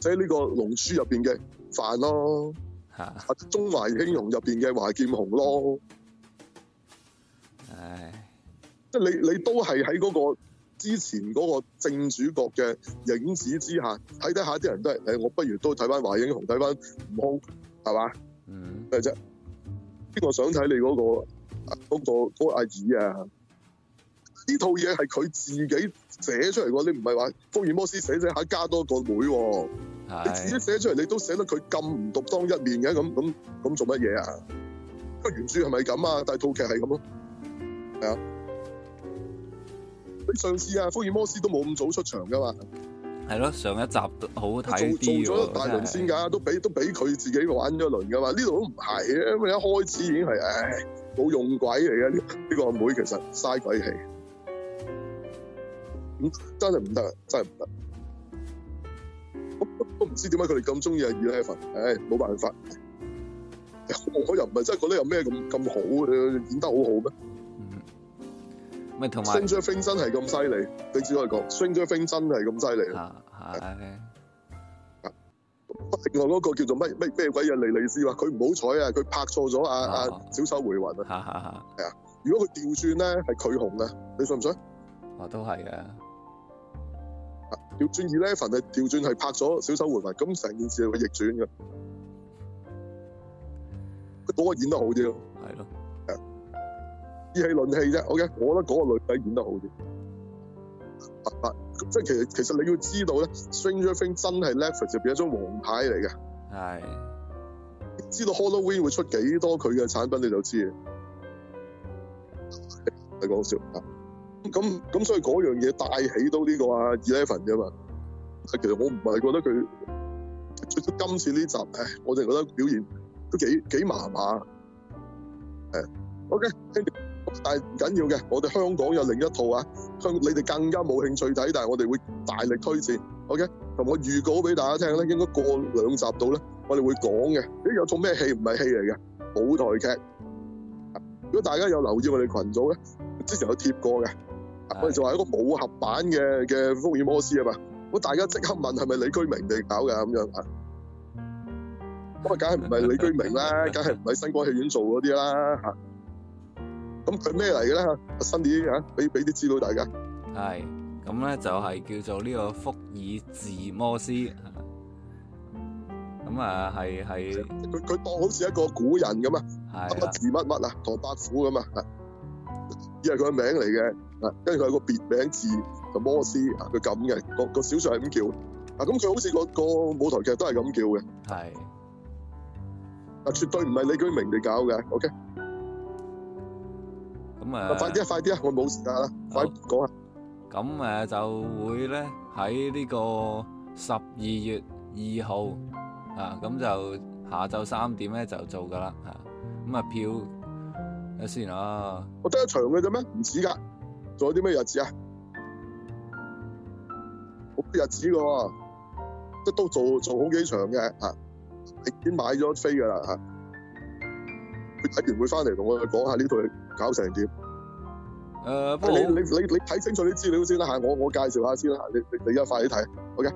即係呢個《龍珠》入邊嘅飯咯，嚇，《中華英雄》入邊嘅華劍雄咯。唉，即係你你都係喺嗰個之前嗰個正主角嘅影子之下，睇睇下啲人都係誒，我不如都睇翻《華英雄》吳，睇翻悟空，係嘛？嗯，誒啫。呢、邊個想睇你嗰個嗰個嗰個阿二啊！呢套嘢係佢自己寫出嚟嘅，你唔係話福爾摩斯寫寫下加多個妹、妹。你自己寫出嚟，你都寫得佢咁唔獨當一面嘅，咁咁咁做乜嘢啊？個原著係咪咁啊？但套劇係咁咯，係啊。你上次啊，福爾摩斯都冇咁早出場㗎嘛。係咯，上一集好睇啲做咗大輪先㗎，都俾都俾佢自己玩咗一輪㗎嘛。呢度都唔係啊，因為一開始已經係唉冇用鬼嚟嘅呢個阿妹、妹，其實嘥鬼氣。嗯，真係唔得啊！真係唔得。我我唔知點解佢哋咁中意阿 Eleven，唉，冇辦法。我又唔係真係覺得有咩咁咁好，演得好好咩？嗯，咪同埋。Stranger Things 真係咁犀利，你只可以講 Stranger Things 真係咁犀利。吓，係。另外嗰個叫做咩咩咩鬼嘢？莉莉絲話佢唔好彩啊！佢拍錯咗阿阿小手回魂。吓吓吓。係啊，如果佢調轉咧，係佢紅啊！你信唔信？我，都係啊。調轉而呢，凡係調轉係拍咗小手回紋，咁成件事係逆轉嘅。佢嗰個演得好啲咯。係咯。誒，戲論戲啫。好嘅，我覺得嗰個女仔演得好啲。即係其實其實你要知道咧 Stranger Things 真係 Leather 入邊一張王牌嚟嘅。係。知道 Halloween 會出幾多佢嘅產品你就知道。係講、那個、笑。咁咁，所以嗰樣嘢帶起到呢個啊，Eleven 啫嘛。但係其實我唔係覺得佢，除咗今次呢集，唉，我淨係覺得表現都幾幾麻麻。誒，OK，但係唔緊要嘅，我哋香港有另一套啊，香你哋更加冇興趣睇，但係我哋會大力推薦。OK，同我預告俾大家聽咧，應該過兩集到咧，我哋會講嘅。誒，有做咩戲？唔係戲嚟嘅，舞台劇。如果大家有留意我哋羣組咧，之前有貼過嘅。佢就話一個武俠版嘅嘅福爾摩斯啊嘛，咁大家即刻問係咪李居明嚟搞嘅咁樣啊？咁啊，梗係唔係李居明啦？梗係唔係新光戲院做嗰啲啦？嚇，咁佢咩嚟嘅咧？阿新啲嚇，俾俾啲資料大家。係，咁咧就係叫做呢個福邇，字摩斯，咁啊係係。佢佢當好似一個古人咁啊，乜字乜乜啊，唐伯虎咁啊，以為佢個名嚟嘅。啊，跟住佢有個別名字就摩斯啊，佢咁嘅個個小説係咁叫啊。咁佢好似、個個舞台劇都係咁叫嘅，係啊，絕對唔係李居明嚟搞嘅。OK，咁啊，啊，快啲啊，快啲啊，我冇時間啦，快講啊。咁誒就會咧喺呢個十二月二號啊，咁就下晝三點咧就做㗎啦。嚇，咁啊票睇先咯。我得一場嘅啫咩？唔止㗎。仲有啲咩日子啊？好日子嘅喎、啊，即都做做好幾場嘅嚇、啊，已經買咗飛嘅啦嚇。佢、啊、睇完會翻嚟同我哋講下呢套嘢搞成點。誒、呃，不過你你你你睇清楚啲資料先啦嚇、啊，我我介紹下先啦嚇，你你而家快啲睇，OK？、啊、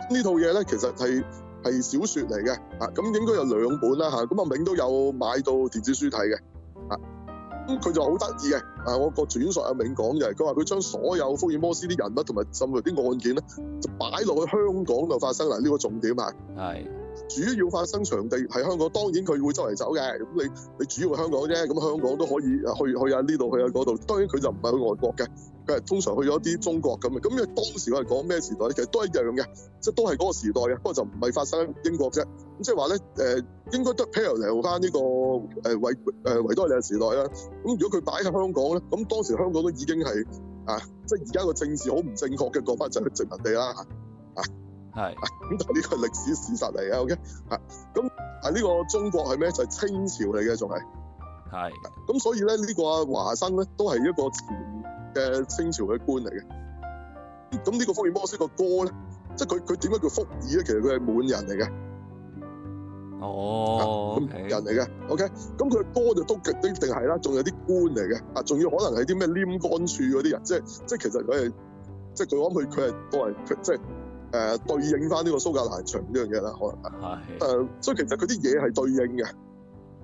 套呢套嘢咧其實係係小説嚟嘅嚇，咁、啊啊、應該有兩本啦嚇，咁阿明、啊、都有買到電子書睇嘅。佢就好得意嘅，啊，我個轉述阿明講嘅，佢話佢將所有福爾摩斯啲人物同埋甚至啲案件咧，就擺落去香港度發生啦，嗱、這、呢個重點啊。係。主要發生場地喺香港，當然佢會周圍走嘅。咁你你主要係香港啫，咁香港都可以去去下呢度，去下嗰度。當然佢就唔係去外國嘅，佢係通常去咗啲中國咁啊。咁因為當時我係講咩時代，其實都一樣嘅，即係都係嗰個時代嘅，就不過就唔係發生英國啫。咁即係話咧，誒應該得 period 翻呢個誒維誒維多利亞時代啦。咁如果佢擺喺香港咧，咁當時香港都已經係啊，即係而家個政治好唔正確嘅國家就係殖民地啦。啊係咁，但係呢個係歷史事實嚟嘅，OK？吓咁啊，呢個中國係咩？就係、是、清朝嚟嘅，仲係係。咁所以咧，這個、華呢個華生咧都係一個前嘅清朝嘅官嚟嘅。咁呢個福爾摩斯個哥咧，即係佢佢點解叫福爾咧？其實佢係滿人嚟嘅。哦，啊 OK、人嚟嘅，OK？咁佢個哥就都一定係啦，仲有啲官嚟嘅啊，仲要可能係啲咩黏杆處嗰啲人，即係即係其實佢係即係諗佢佢係都係即係。誒、呃、對應翻呢個蘇格蘭場呢樣嘢啦，可能係誒，所以其實佢啲嘢係對應嘅，係、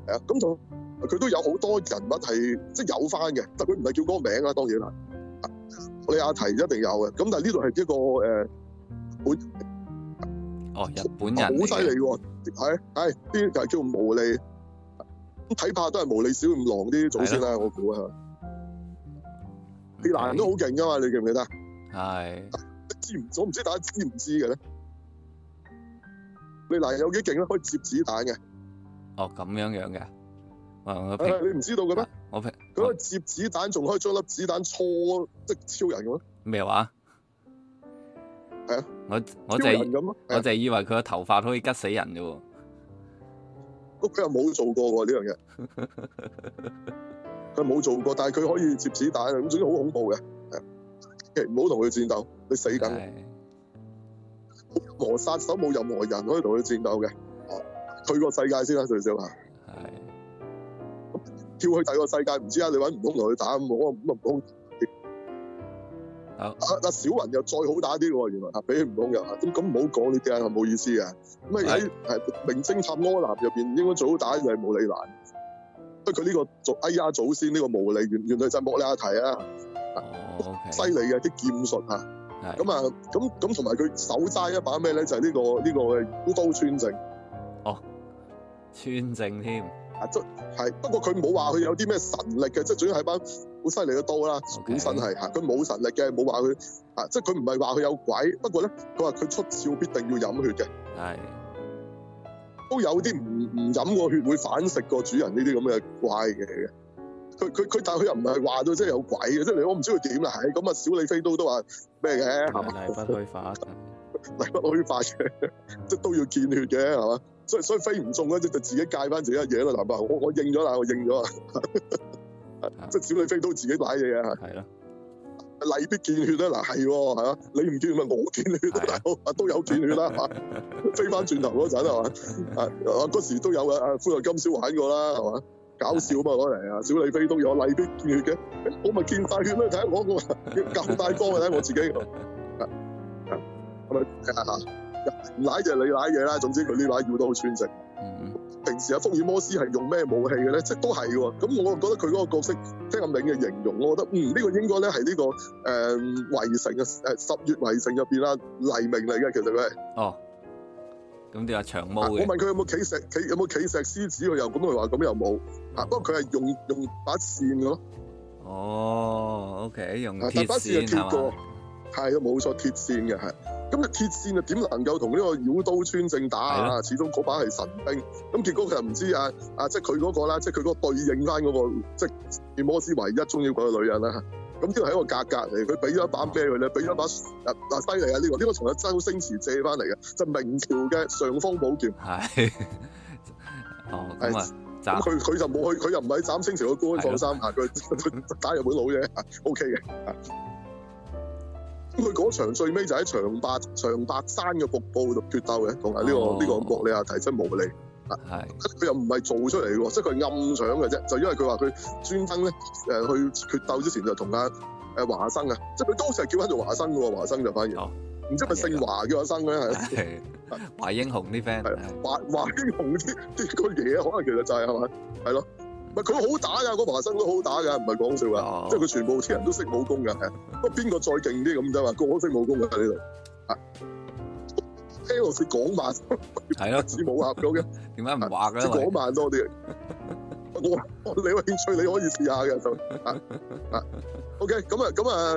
嗯、啊，咁同佢都有好多人物係即係有翻嘅，但佢唔係叫嗰個名啊。當然啦，利、啊、亞提一定有嘅，咁但係呢度係一個誒本、呃，哦日本人好犀利喎，係係呢啲就係叫毛利，咁睇怕都係毛利小五郎啲祖先啦，我估下，啲男人都好勁㗎嘛，你記唔記得？係。知唔知？我唔知大家知唔知嘅咧。你男人有幾勁咧，可以接子彈嘅。哦，咁樣樣嘅。喂、啊，你唔知道嘅咩，啊？我平。嗰個接子彈仲、啊、可以將粒子彈錯，即超人咁咯。咩話？係啊。我我就係、啊、我就係以為佢個頭髮可以吉死人嘅喎。咁佢又冇做過呢樣嘢。佢 (laughs) 冇做過，但係佢可以接子彈，咁總之好恐怖嘅。唔好同佢戰鬥，你死緊。和殺手冇任何人可以同佢戰鬥嘅。去，世是的去個世界先啦，徐少華。係。跳去第二個世界唔知啊，你揾悟空同佢打咁都唔通。好。阿、啊、阿小雲又再好打啲喎、啊，原來比的。啊，俾悟空入啊，咁唔好講呢啲啊，冇意思嘅。咁啊喺係《名偵探柯南入邊應該最好打就係毛利蘭。不過佢呢個祖，哎呀祖先呢個毛利，原來就係莫里亞提啊。犀利嘅啲劍術嚇，咁啊，咁咁同埋佢手揸一把咩咧？就係呢個呢個嘅孤刀穿正。哦，穿正添。啊，即係不過佢冇話佢有啲咩神力嘅，即係主要係把好犀利嘅刀啦。本身係嚇，佢冇神力嘅，冇話佢啊，即係佢唔係話佢有鬼。不過咧，佢話佢出鞘必定要飲血嘅。係。都有啲唔唔飲過血會反食個主人呢啲咁嘅怪嘢嘅。佢佢佢，但係佢又唔係話到，即係有鬼嘅，即係我唔知佢點啦。咁啊， (laughs) (laughs) (laughs) (laughs) 小李飛刀都話咩嘅？例不虛發，例不虛發嘅，即係都要見血嘅，係嘛？所以所以飛唔中咧，即就自己戒翻自己嘢啦，嗱，我我認咗啦，我認咗啊，即小李飛刀自己擺嘢啊，係啦，例必見血咧，嗱係喎，係你唔見血咪冇見血都好，都有見血啦， (laughs) 飛翻轉頭嗰陣係嘛？啊嗰 (laughs) (laughs) (laughs) 時都有嘅，啊歡樂今宵玩過啦，係嘛？搞笑嘛攞嚟啊！小李飛刀有例必見血嘅，我咪見晒血咩？睇我個咁大方嘅睇我自己個，係咪啊？舐就係你舐嘢啦。總之佢啲舐要都好穿城。平時阿福爾摩斯係用咩武器嘅咧？即係都係喎。咁我覺得佢嗰個角色，即阿明嘅形容，我覺得嗯呢個應該咧係呢個誒圍城嘅誒十月圍城入邊啊黎明嚟嘅，其實佢係。咁啲阿長毛嘅，我問佢有冇企石，企有冇企石獅子，佢又咁佢話咁又冇、哦，不過佢係用用把線嘅咯。哦，OK，用鐵把線啊，鐵過，係啊，冇錯，鐵線嘅係。咁啊，那個、鐵線啊，點能夠同呢個妖刀穿正打啊？始終嗰把係神兵。咁結果佢又唔知啊啊！即係佢嗰個啦，即係佢嗰個對應翻、那、嗰個，即係摩斯唯一中意嗰個女人啦。咁呢個係一個價格嚟，佢俾咗一把俾佢咧？俾咗一把啊犀利啊。呢、呢個呢、呢個從阿周星馳借翻嚟嘅，就係、明朝嘅尚方寶劍。 (laughs) 哦，咁佢佢就冇去，佢又唔係斬清朝嘅官，放生啊，佢、嗯、打日本佬啫。O K 嘅。咁佢嗰場最尾就喺長白長白山嘅瀑布度決鬥嘅，同埋呢個呢、哦呢個莫利亞提真無力。係佢又唔係做出嚟嘅，即係佢係暗想嘅啫。就因為佢話佢專登咧，誒、呃、去決鬥之前就同阿誒華生啊，啊生即係佢當時叫喺做華生嘅，華生就反而，唔、哦、知係咪姓華叫華生咧係華英雄啲 friend，華華英雄啲啲個嘢可能其實就係係咪？係咯，咪佢好打噶，嗰華生都好打噶，唔係講笑啊、哦，即係佢全部啲人都識武功噶，不過邊個，那個再勁啲咁啫嘛，個個識武功噶喺呢度。屌，你講慢，係咯，子母鴨咁嘅，點解唔話咧？即係講慢多啲。 (laughs) 我，你有興趣你可以試下嘅就啊，OK，咁啊，咁啊，誒、okay，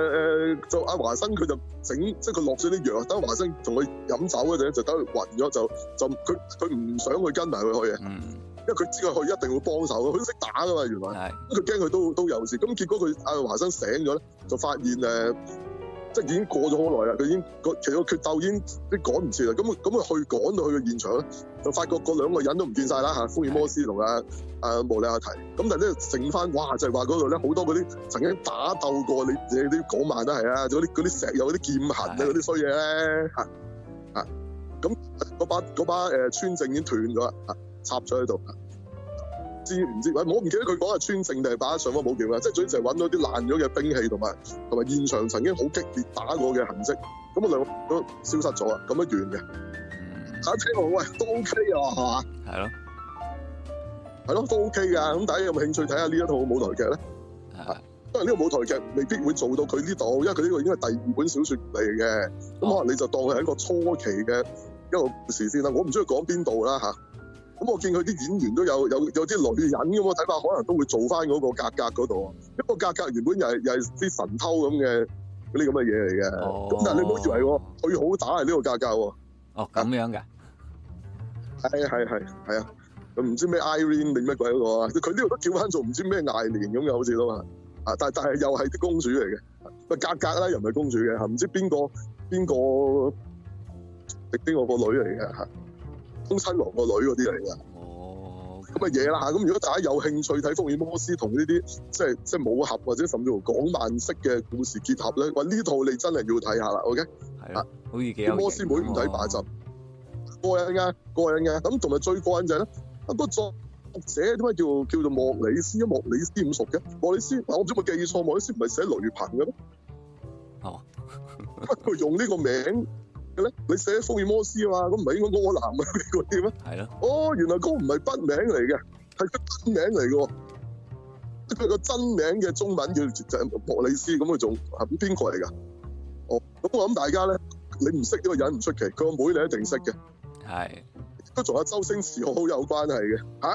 嗯，就阿華生佢就整，即係佢落咗啲藥，等華生同佢飲酒嗰陣，就等佢暈咗就就佢佢唔想去跟埋佢去，因為佢知佢去一定會幫手佢佢識打㗎嘛，原來。係。佢驚佢都都有事，咁結果佢阿、啊、華生醒咗咧，就發現誒。呃即係已經過咗好耐啦，佢已經其實個決鬥已經啲趕唔切啦，咁咁佢去趕到去個現場，就發覺個兩個人都唔見晒啦嚇，福爾摩斯同阿啊莫里亞提，咁但係咧剩翻，哇就係話嗰度咧好多嗰啲曾經打鬥過你你啲嗰晚都係啦，嗰啲啲石有、嗰啲劍痕，你嗰啲衰嘢咧咁嗰把村正已經斷咗啦，插咗喺度。知唔知？喂，我唔記得佢講係穿勝定係擺上翻舞台劇啦。即係總之就係揾到啲爛咗嘅兵器同埋，同埋現場曾經好激烈打過嘅痕跡，咁啊兩個都消失咗、嗯、啊，咁樣完嘅。睇車路喂，都 OK 啊，係嘛？係咯，係咯，都 OK 噶。咁大家有冇興趣睇下呢一套舞台劇咧？係，因為呢個舞台劇未必會做到佢呢度，因為佢呢個已經係第二本小説嚟嘅。咁可能你就當佢係一個初期嘅一個故事先啦。我唔知佢講邊度啦嚇。啊咁我見佢啲演員都有有有啲女人咁喎，睇法可能都會做翻嗰個格格嗰度啊。因為格格原本又係又係啲神偷咁嘅嗰啲咁嘅嘢嚟嘅。咁、oh. 但係你唔好以為佢好打係呢個格格喎。哦、oh，咁樣嘅。係係係係啊！唔知咩 Irene 定乜鬼嗰個啊？佢呢度都叫翻做唔知咩艾蓮咁嘅，好似都係。啊！但但係又係啲公主嚟嘅。格格咧又唔係公主嘅嚇，唔知邊個邊個，定邊個個女嚟嘅嚇。恭親王個女嗰啲嚟噶，咁啊嘢啦吓。咁如果大家有興趣睇《福爾摩斯》同呢啲即係即係武俠或者甚至乎港漫式嘅故事結合咧，咁呢套你真係要睇下啦。OK，係啊，好意記、哦、啊。啲摩斯妹唔睇把針，過癮噶，過癮噶。咁同埋最過癮就係咧，啊個作者點解叫叫做莫里斯？一莫里斯咁熟嘅莫里斯，我唔知我記錯，莫里斯唔係寫《雷朋》嘅咩？哦，不過用呢個名。你寫福爾摩斯嘛，咁唔係應該柯南嘅嗰啲咩？係咯。哦，原來嗰唔係筆名嚟嘅，係佢真名嚟嘅。即佢個真名嘅中文叫莫里斯，咁佢仲係邊個嚟噶？哦。咁我諗大家咧，你唔識呢個人唔出奇，佢個妹你一定識嘅。係。都仲同阿周星馳好有關係嘅。吓？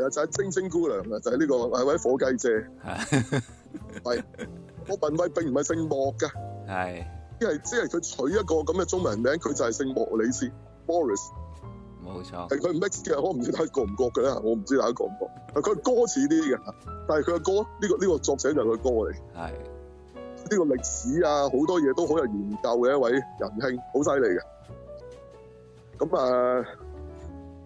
係啊，就係晶晶姑娘啊，就係呢個係位火雞姐。係。係。我本名並唔係姓莫噶。係。係，即係佢取一個咁嘅中文名，佢就係姓莫里斯 （Boris）。冇錯，係佢 mix 嘅，我唔知睇覺唔覺嘅啦，我唔知道大家覺唔覺。佢係歌詞啲嘅，但係佢嘅歌呢、這個呢、這個作者就係佢歌嚟。係呢、這個歷史啊，好多嘢都好有研究嘅一位仁兄，好犀利嘅。咁啊，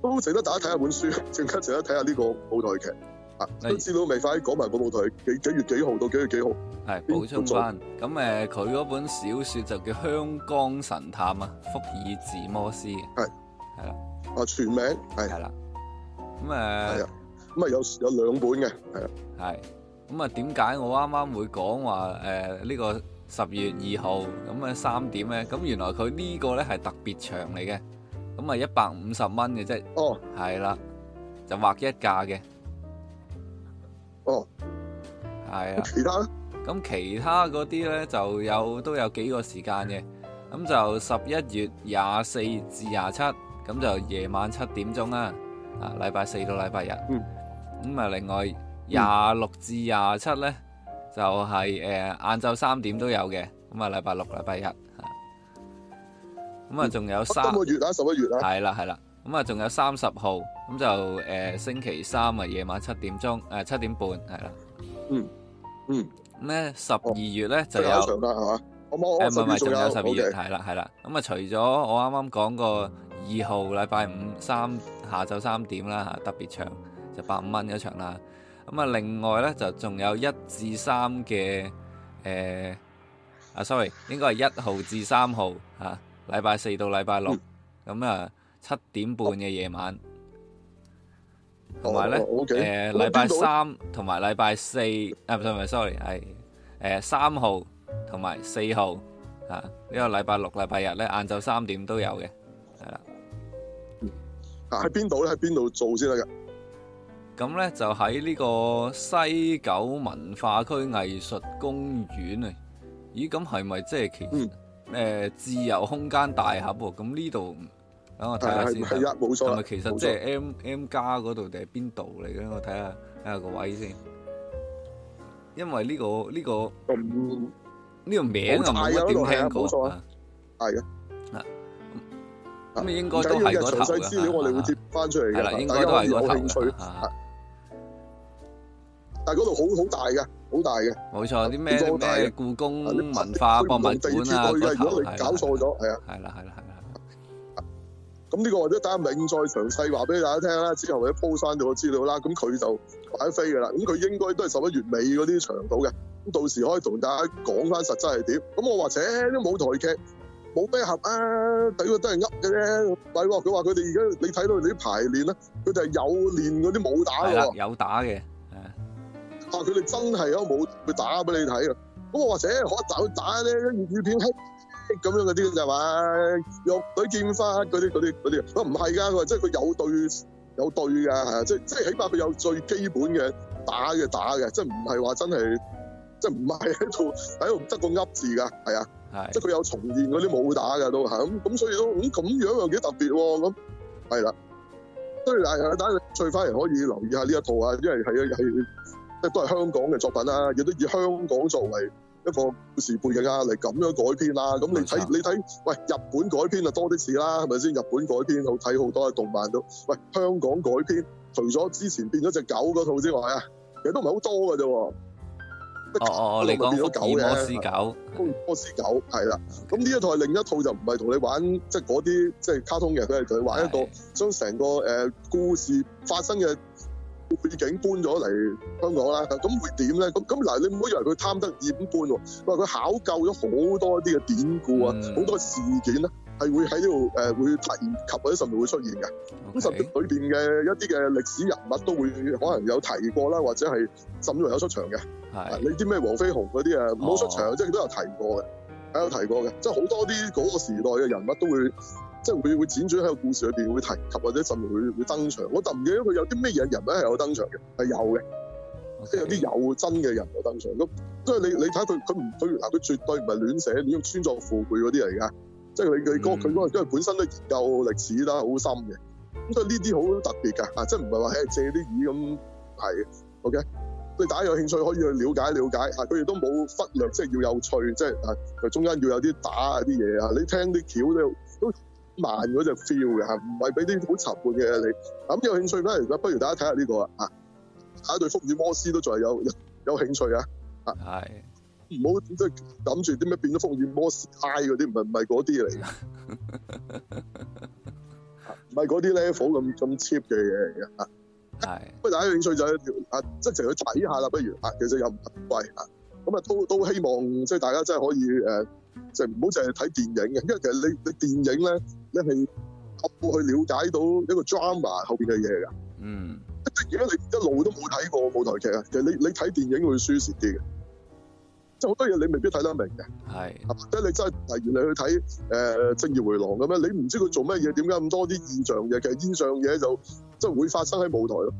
都、呃、值得大家睇下這本書，仲加值得睇下呢個舞台劇。你、啊、知道未？快啲講埋我部題幾幾月幾號到幾月幾號係補充翻咁誒，佢嗰、呃、本小說就叫《香江神探》啊，福爾字摩斯係係啦。啊，全名係係啦。咁誒，咁啊有有兩本嘅係啦係。咁啊，剛剛說說呃這個、點解我啱啱會講話誒？呢個十月二號咁啊三點咧？咁原來佢呢個咧係特別長嚟嘅，咁啊一百五十蚊嘅，啫。哦，係啦，就劃一價嘅。哦，係啊。其他咧？咁、啊、其他嗰啲咧就有都有幾個時間嘅，咁就十一月廿四至廿七，咁就夜晚七點鐘啦，啊，禮拜四到禮拜日。嗯。咁、嗯就是嗯、啊，另外廿六至廿七咧，就係誒晏晝三點都有嘅，咁啊禮拜六、禮拜日。吓。咁啊，仲有三個月啊，十一月啦。係啦，係啦。咁啊，仲有三十號，咁就誒星期三啊，夜晚七點鐘誒七點半係啦。嗯嗯，咁咧十二月咧就有。咁啦，係嘛？我冇，仲有十二月。係啦係啦，咁啊，除咗我啱啱講過二號禮拜五三下晝三點啦吓，特別場就百五蚊一場啦。咁啊，另外咧就仲有一至三嘅誒，啊 sorry，應該係一號至三號吓，禮拜四到禮拜六咁啊。七點半嘅夜晚，同埋咧誒，禮拜三同埋禮拜四 (laughs) 啊，唔係唔係，sorry，係誒、呃、三號同埋四號啊。呢、這個禮拜六、禮拜日咧，晏晝三點都有嘅，係啦。嗱，喺邊度咧？喺邊度做先得㗎？咁咧就喺呢個西九文化區藝術公園啊。咦？咁係咪即係其實、嗯呃、自由空間大盒噃？咁呢度？等我睇下先得，同埋其實即係 M+ 嗰度定係邊度嚟嘅？我睇下睇下個位先。因為呢個呢個呢個名係唔知點聽，冇錯。係啊，咁應該都係嗰頭嘅。詳細資料我哋會接翻出嚟嘅，大家都係有興趣。但係嗰度好好大嘅，好大嘅。冇錯，啲咩咩嘅故宮文化博物館啊，嗰頭。搞錯咗，係啊，係啦，係啦，係。咁呢個或者等下明再詳細話俾你大家聽啦，之後或者 post 返到個資料啦，咁佢就擺飛噶啦。咁佢應該都係十一月尾嗰啲長到嘅，咁到時可以同大家講翻實質係點。咁我或者都冇台劇，冇咩合啊，睇個都係噏嘅啫。唔係喎，佢話佢哋而家你睇到佢哋啲排練啦，佢哋係有練嗰啲武打嘅，有打嘅。係啊，啊佢哋真係有武佢打俾你睇啊！咁我或者可打打啲粵語片，咁樣嗰啲就係話，玉女劍法嗰啲嗰啲嗰啲，我唔係㗎，佢即係佢有對有對㗎，即即係起碼佢有最基本嘅打嘅打嘅，即係唔係話真係，即係唔係喺度喺度得個噏字㗎，係啊，即係佢有重現嗰啲武打㗎都係，咁咁所以都咁咁樣又幾特別喎，咁係啦，所以嗱，等翠花可以留意下呢一套啊，因為係啊係，即係都係香港嘅作品啦，亦都以香港作為，一個故事背景啊，嚟咁樣改編啦，咁你睇你睇，喂，日本改編啊多啲事啦，係咪先？日本改編好睇好多嘅動漫都，喂，香港改編，除咗之前變咗隻狗嗰套之外啊，其實都唔係好多嘅啫。哦哦，你變咗狗嘅《波斯狗》《波斯狗》係啦，咁呢一套係另一套就唔係同你玩，即係嗰啲即係卡通嘅，佢係同你玩一個將成個誒故事發生嘅。佢已經搬咗嚟香港啦，咁會點咧？咁咁嗱，你唔好以為佢貪得厭搬喎，因佢考究咗好多啲嘅典故啊，好、嗯、多事件啦，係會喺呢度誒會提及或者上面會出現嘅。咁、okay. 甚至裏邊嘅一啲嘅歷史人物都會可能有提過啦，或者係甚至有出場嘅。係、啊、你啲咩黃飛鴻嗰啲啊？冇出場，即係都有提過嘅，都有提過嘅，即係好多啲嗰個時代嘅人物都會。即係佢會輾轉喺個故事裏邊會提及或者甚至會，會，會登場。我就唔記得佢有啲咩嘢人物係有登場嘅，係有嘅，即、okay. 係有啲有真嘅人有登場。咁即係你你睇佢佢唔佢嗱佢絕對唔係亂寫，用穿鑿附會嗰啲嚟噶。即係你你佢嗰個都本身都研究歷史啦，好深嘅。咁所以呢啲好特別㗎嚇、啊，即係唔係話係借啲語咁係。OK，對大家有興趣可以去了解了解嚇。佢、啊、都冇忽略，即係要有趣，即係啊，中間要有啲打啊啲嘢啊。你聽啲橋都要～慢嗰隻 feel 嘅嚇，唔係俾啲好沉悶嘅你。咁有興趣咩？而家不如大家睇下呢個啊，啊睇下對《福爾摩斯》都仲係有有興趣啊。啊，係。唔好即係諗住點樣變咗《福爾摩斯 I》嗰啲，唔係唔係嗰啲嚟嘅。唔係嗰啲 level 咁咁 cheap 嘅嘢嚟嘅嚇。係、啊。不如大家有興趣就啊，即係就去睇下啦。不如啊，其實又唔貴嚇。咁啊，都都希望即係大家真係可以誒，即係唔好淨係睇電影嘅，因為其實你你電影咧。一係深入去了解到一個 drama 後邊嘅嘢㗎，嗯，即係而家你一路都冇睇過舞台劇啊，其實你你睇電影會舒適啲嘅，即係好多嘢你未必睇得明嘅，係，即、啊、係你真係例如你去睇誒《正義迴廊》咁樣，你唔知佢做咩嘢，點解咁多啲現象嘢？其實現象嘢就即係會發生喺舞台咯。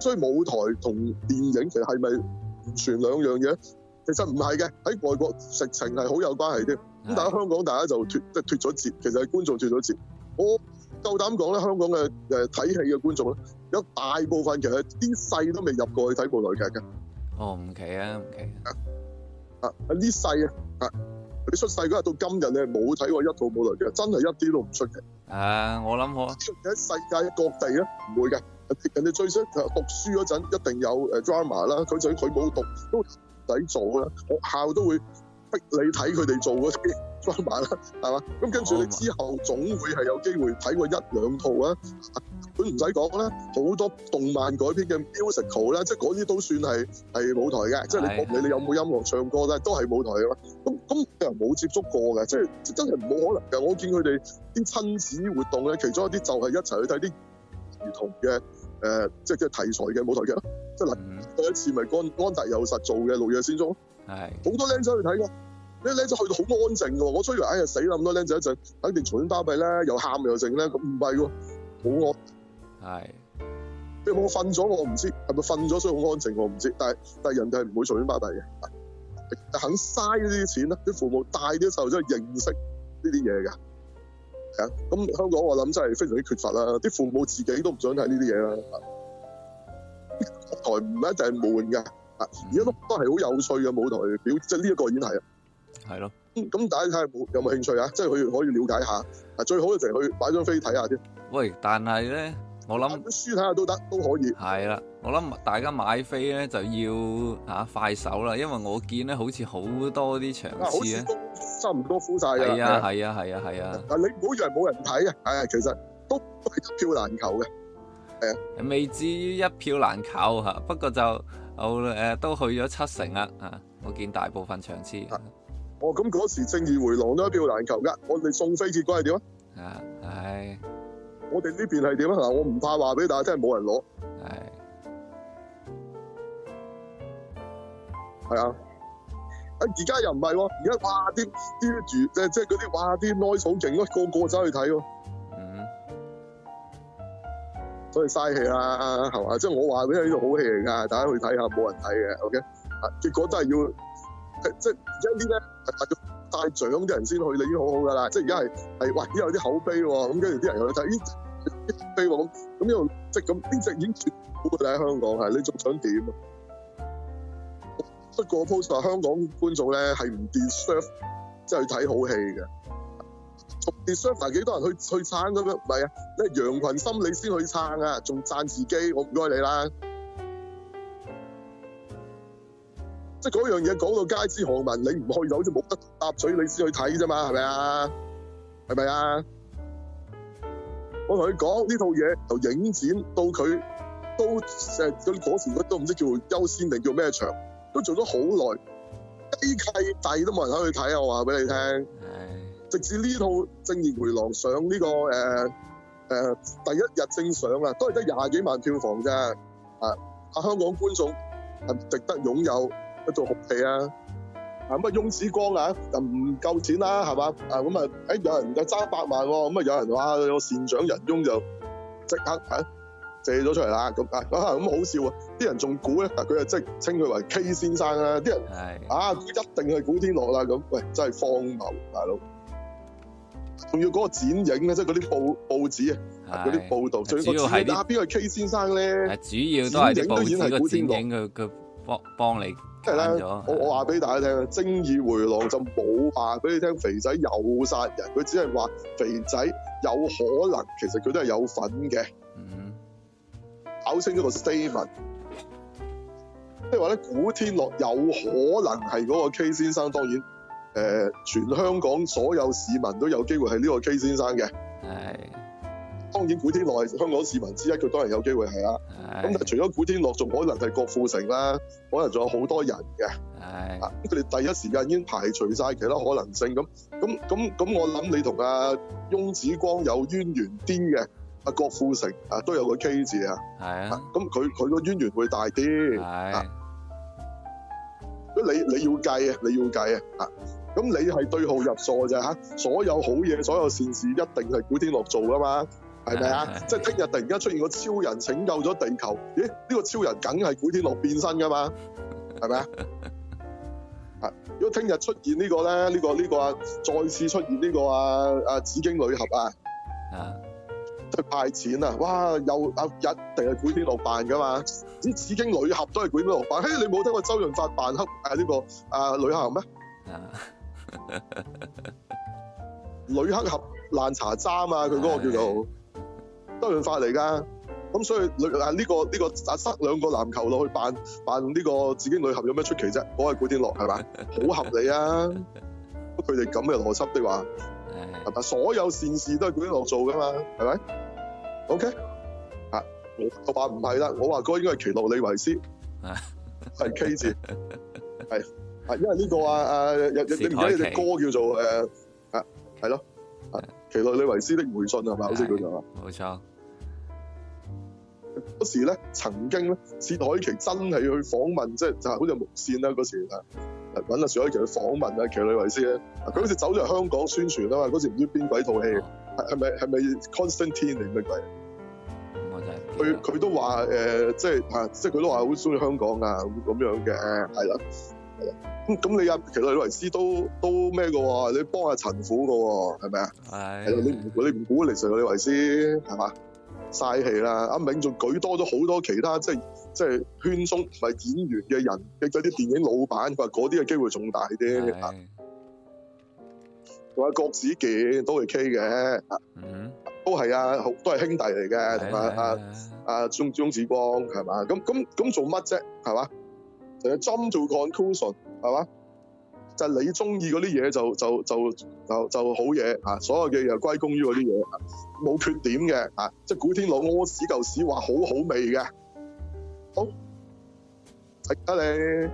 所以舞台同電影其實係咪完全兩樣嘢？其實唔係嘅，喺外國直情係好有關係添。咁但係香港大家就脫即係脫咗節，其實係觀眾脫咗節。我夠膽講咧，香港嘅誒睇戲嘅觀眾咧，有大部分其實啲細都未入過去睇過舞台劇嘅。哦，唔奇啊，唔奇啊。啊啊呢世啊，啊你出世嗰日到今日你係冇睇過一套舞台劇，真係一啲都唔出奇。誒、啊，我諗我喺世界各地咧唔會嘅，人哋最識讀書嗰陣一定有誒 drama 啦。佢就佢冇讀都抵做啦，學校都會。逼你睇佢哋做嗰啲 drama 啦，係嘛？咁跟住你之後總會係有機會睇過一兩套啦。佢唔使講啦，好多動漫改編嘅 musical 啦，即係嗰啲都算係係舞台嘅，即係你講唔理你有冇音樂唱歌咧，都係舞台嘅。咁咁又冇接觸過嘅，即係即係真係冇可能嘅。我見佢哋啲親子活動咧，其中一啲就係一齊去睇啲兒童嘅誒，即係題材嘅舞台劇咯、嗯。即係嗱，第一次咪《安安達有實做嘅路躍先中》。好多靚仔去睇噶，啲靚仔去到好安靜噶。我雖然哎呀死啦，咁多靚仔一陣，肯定嘈喧巴閉啦，又喊又剩咧。咁唔係喎，好惡？係。你冇瞓咗？我唔知，係咪瞓咗所以好安靜我唔知。但係但係人哋係唔會嘈喧巴閉嘅，但肯嘥呢啲錢啦。啲父母帶啲細路仔認識呢啲嘢嘅。係啊，咁香港我諗真係非常之缺乏啦。啲父母自己都唔想睇呢啲嘢啦。台唔一定係悶噶。而家都都係好有趣嘅舞台表，即係呢一個演藝啊，係咯。咁大家睇下有冇興趣啊？嗯、即係佢可以了解一下。啊，最好就成去買張飛睇下啫。喂，但係咧，我諗啲書睇下都得，都可以。係啦，我諗大家買飛咧就要嚇、啊、快手啦，因為我見咧好似好多啲場次啊，都收唔多呼晒嘅。係啊，係啊，係啊，係啊。嗱，你唔好以為冇人睇嘅，係其實都一票難求嘅。係啊，未至於一票難求嚇，不過就～好、哦、誒，都去咗七成啦啊！我見大部分場次，啊，哦咁嗰時正義回廊都一票難求噶。我哋送飛結局係點啊？係啊，唉，我哋呢邊係點啊？嗱，我唔怕話俾大家聽係真係冇人攞係，係啊。係啊，而家又唔係喎，而家哇，啲啲住即係即係嗰啲哇，啲耐草勁咯，個個走去睇喎，啊。所以嘥氣啦，係嘛？即係我話俾你呢度好戲嚟㗎，大家去睇下，冇人睇嘅，OK？結果真係要即係而家啲咧帶獎啲人先去，已經好好㗎啦。即係而家係係哇，已經有啲口碑喎。咁跟住啲人又去睇，咦，飛喎咁。呢度，即係咁，呢隻已經全部孤地喺香港係，你仲想點？不過我 post 話香港觀眾咧係唔 deserve 即係睇好戲嘅。server 幾多人去去撐，咁樣唔係啊？即係羊羣心理先去撐啊，仲讚自己，我唔該你啦。即係嗰樣嘢講到街知巷聞，你唔開口就冇得搭嘴，你先去睇啫嘛，係咪啊？係咪啊？我同你講呢套嘢，由影展到佢到成嗰嗰時都唔知叫優先定叫咩場，都做咗好耐，低契弟都冇人走去睇啊！我話俾你聽。直至呢套正義迴廊上呢、這個誒誒、呃呃、第一日正上啊，都係得廿幾萬票房啫，啊！阿香港觀眾係值得擁有一做福氣啊！啊咁啊，翁子光啊，又唔夠錢啦、啊，係嘛？啊咁、嗯哎、啊，誒、嗯、有人得三百萬喎，咁啊有人有善長人翁就即刻啊借咗出嚟啦，咁啊咁、啊啊啊嗯、好笑啊！啲人仲估咧，佢啊即係稱佢為 K 先生啦、啊，啲人啊估一定係古天樂啦，咁喂真係荒謬，大佬！仲要嗰個剪影啊，即係嗰啲報報紙啊，嗰啲報道，最個剪影啊，邊個 K 先生咧？係主要都係報紙影都係古天樂、嗰個剪影，佢佢幫幫你。即係咧，我我話俾大家聽啊，正義迴廊就冇話俾你聽，肥仔有殺人，佢只係話肥仔有可能其實佢都係有份嘅。嗯，搞清咗個 statement，即係話咧，古天樂有可能係嗰個 K 先生，嗯、當然。誒、呃，全香港所有市民都有機會係呢個 K 先生嘅。係。當然古天樂係香港市民之一，佢當然有機會係啊。咁但係除咗古天樂，仲可能係郭富城啦，可能仲有好多人嘅。係。咁佢哋第一時間已經排除晒其他可能性。咁咁咁咁，我諗你同阿翁子光有淵源啲嘅、啊，阿郭富城啊都有個 K 字啊。係啊。咁佢佢個淵源會大啲。係。咁、啊、你你要計啊，你要計啊。啊。咁你係對號入座咋吓，所有好嘢、所有善事一定係古天樂做噶嘛？係咪啊？即係聽日突然間出現個超人拯救咗地球，咦？呢、呢個超人梗係古天樂變身噶嘛？係咪啊？係。 (laughs) 如果聽日出現呢個咧，呢個呢、呢個呢個啊，再次出現呢個啊啊紫荊女俠啊，啊，佢 (music) 派錢啊，哇！又啊，一定係古天樂扮噶嘛？啲紫荊女俠都係古天樂扮。嘿，你冇聽過周潤發扮黑啊呢個啊女俠咩？啊、呃。呃呃呃呃呃 (music) 女黑俠爛茶渣啊，佢嗰個叫做周潤發嚟噶，咁所以女啊呢個呢、呢個塞兩個籃球落去扮扮呢個自己女俠有咩出奇啫？嗰個係古天樂，係咪？好合理啊！佢哋咁嘅邏輯你話，係咪所有善事都係古天樂做噶嘛？係咪？OK，吓我我話唔係啦，我話哥應該係奇洛李維斯，係 (laughs) K 字，係。因為呢個啊啊，你唔記得隻歌叫做誒啊，係咯，奇洛李維斯的回信係咪？好似叫做啊，冇錯。嗰時咧，曾經咧，薛凱琪真係去訪問，即係就係好似無綫啦嗰時啊，揾阿薛凱琪去訪問啊，奇洛李維斯咧，佢好似走咗嚟香港宣傳啊嘛。嗰時唔知邊鬼套戲，係咪係咪 Constantine 嚟咩鬼？佢佢都話誒，即係嚇，即係佢都話好中意香港啊咁樣嘅，係啦。咁咁你阿實李維斯都都咩嘅喎？你幫阿陳虎嘅喎，係咪啊？係。你唔你唔估阿凌純徐李維斯係嘛？晒氣啦！阿明仲舉多咗好多其他即係即係圈中同埋演員嘅人，即係啲電影老闆，話嗰啲嘅機會仲大啲。係、啊。同阿郭子健都係 K 嘅，都係啊，都係兄弟嚟嘅，同阿阿鍾鍾子光係嘛？咁咁咁做乜啫？係嘛？就係斟做 conclusion，係嘛？就係、是、你中意嗰啲嘢就就就就就好嘢嚇，所有嘅嘢歸功於嗰啲嘢，冇缺點嘅嚇。即係、就是、古天樂屙屎嚿屎話好好味嘅，好食得你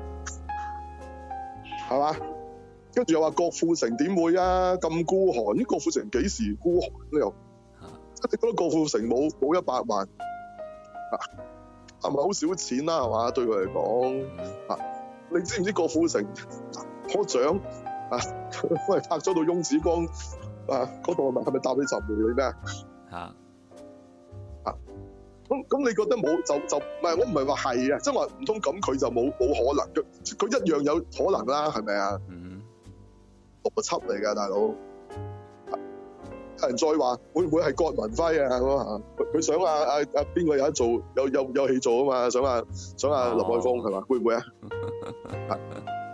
係嘛？跟住又話郭富城點會啊？咁孤寒？呢、啊、郭富城幾時孤寒咧？你又覺得郭富城冇冇一百萬啊？係咪好少錢啦？係嘛？對佢嚟講，mm -hmm. 啊，你知唔知郭富城攞獎啊？佢拍咗到翁子光啊，嗰度係咪搭畀集門你咩？嚇、mm、嚇 -hmm. 啊，咁咁你覺得冇就就唔係？我唔係話係啊，即係話唔通咁佢就冇、是、冇可能？佢佢一樣有可能啦，係咪啊？嗯，邏輯嚟㗎，大佬。人再話會唔會係郭文輝啊？佢想話啊啊邊個有得做有有有戲做啊嘛？想話想話林海峯係嘛？會唔會啊？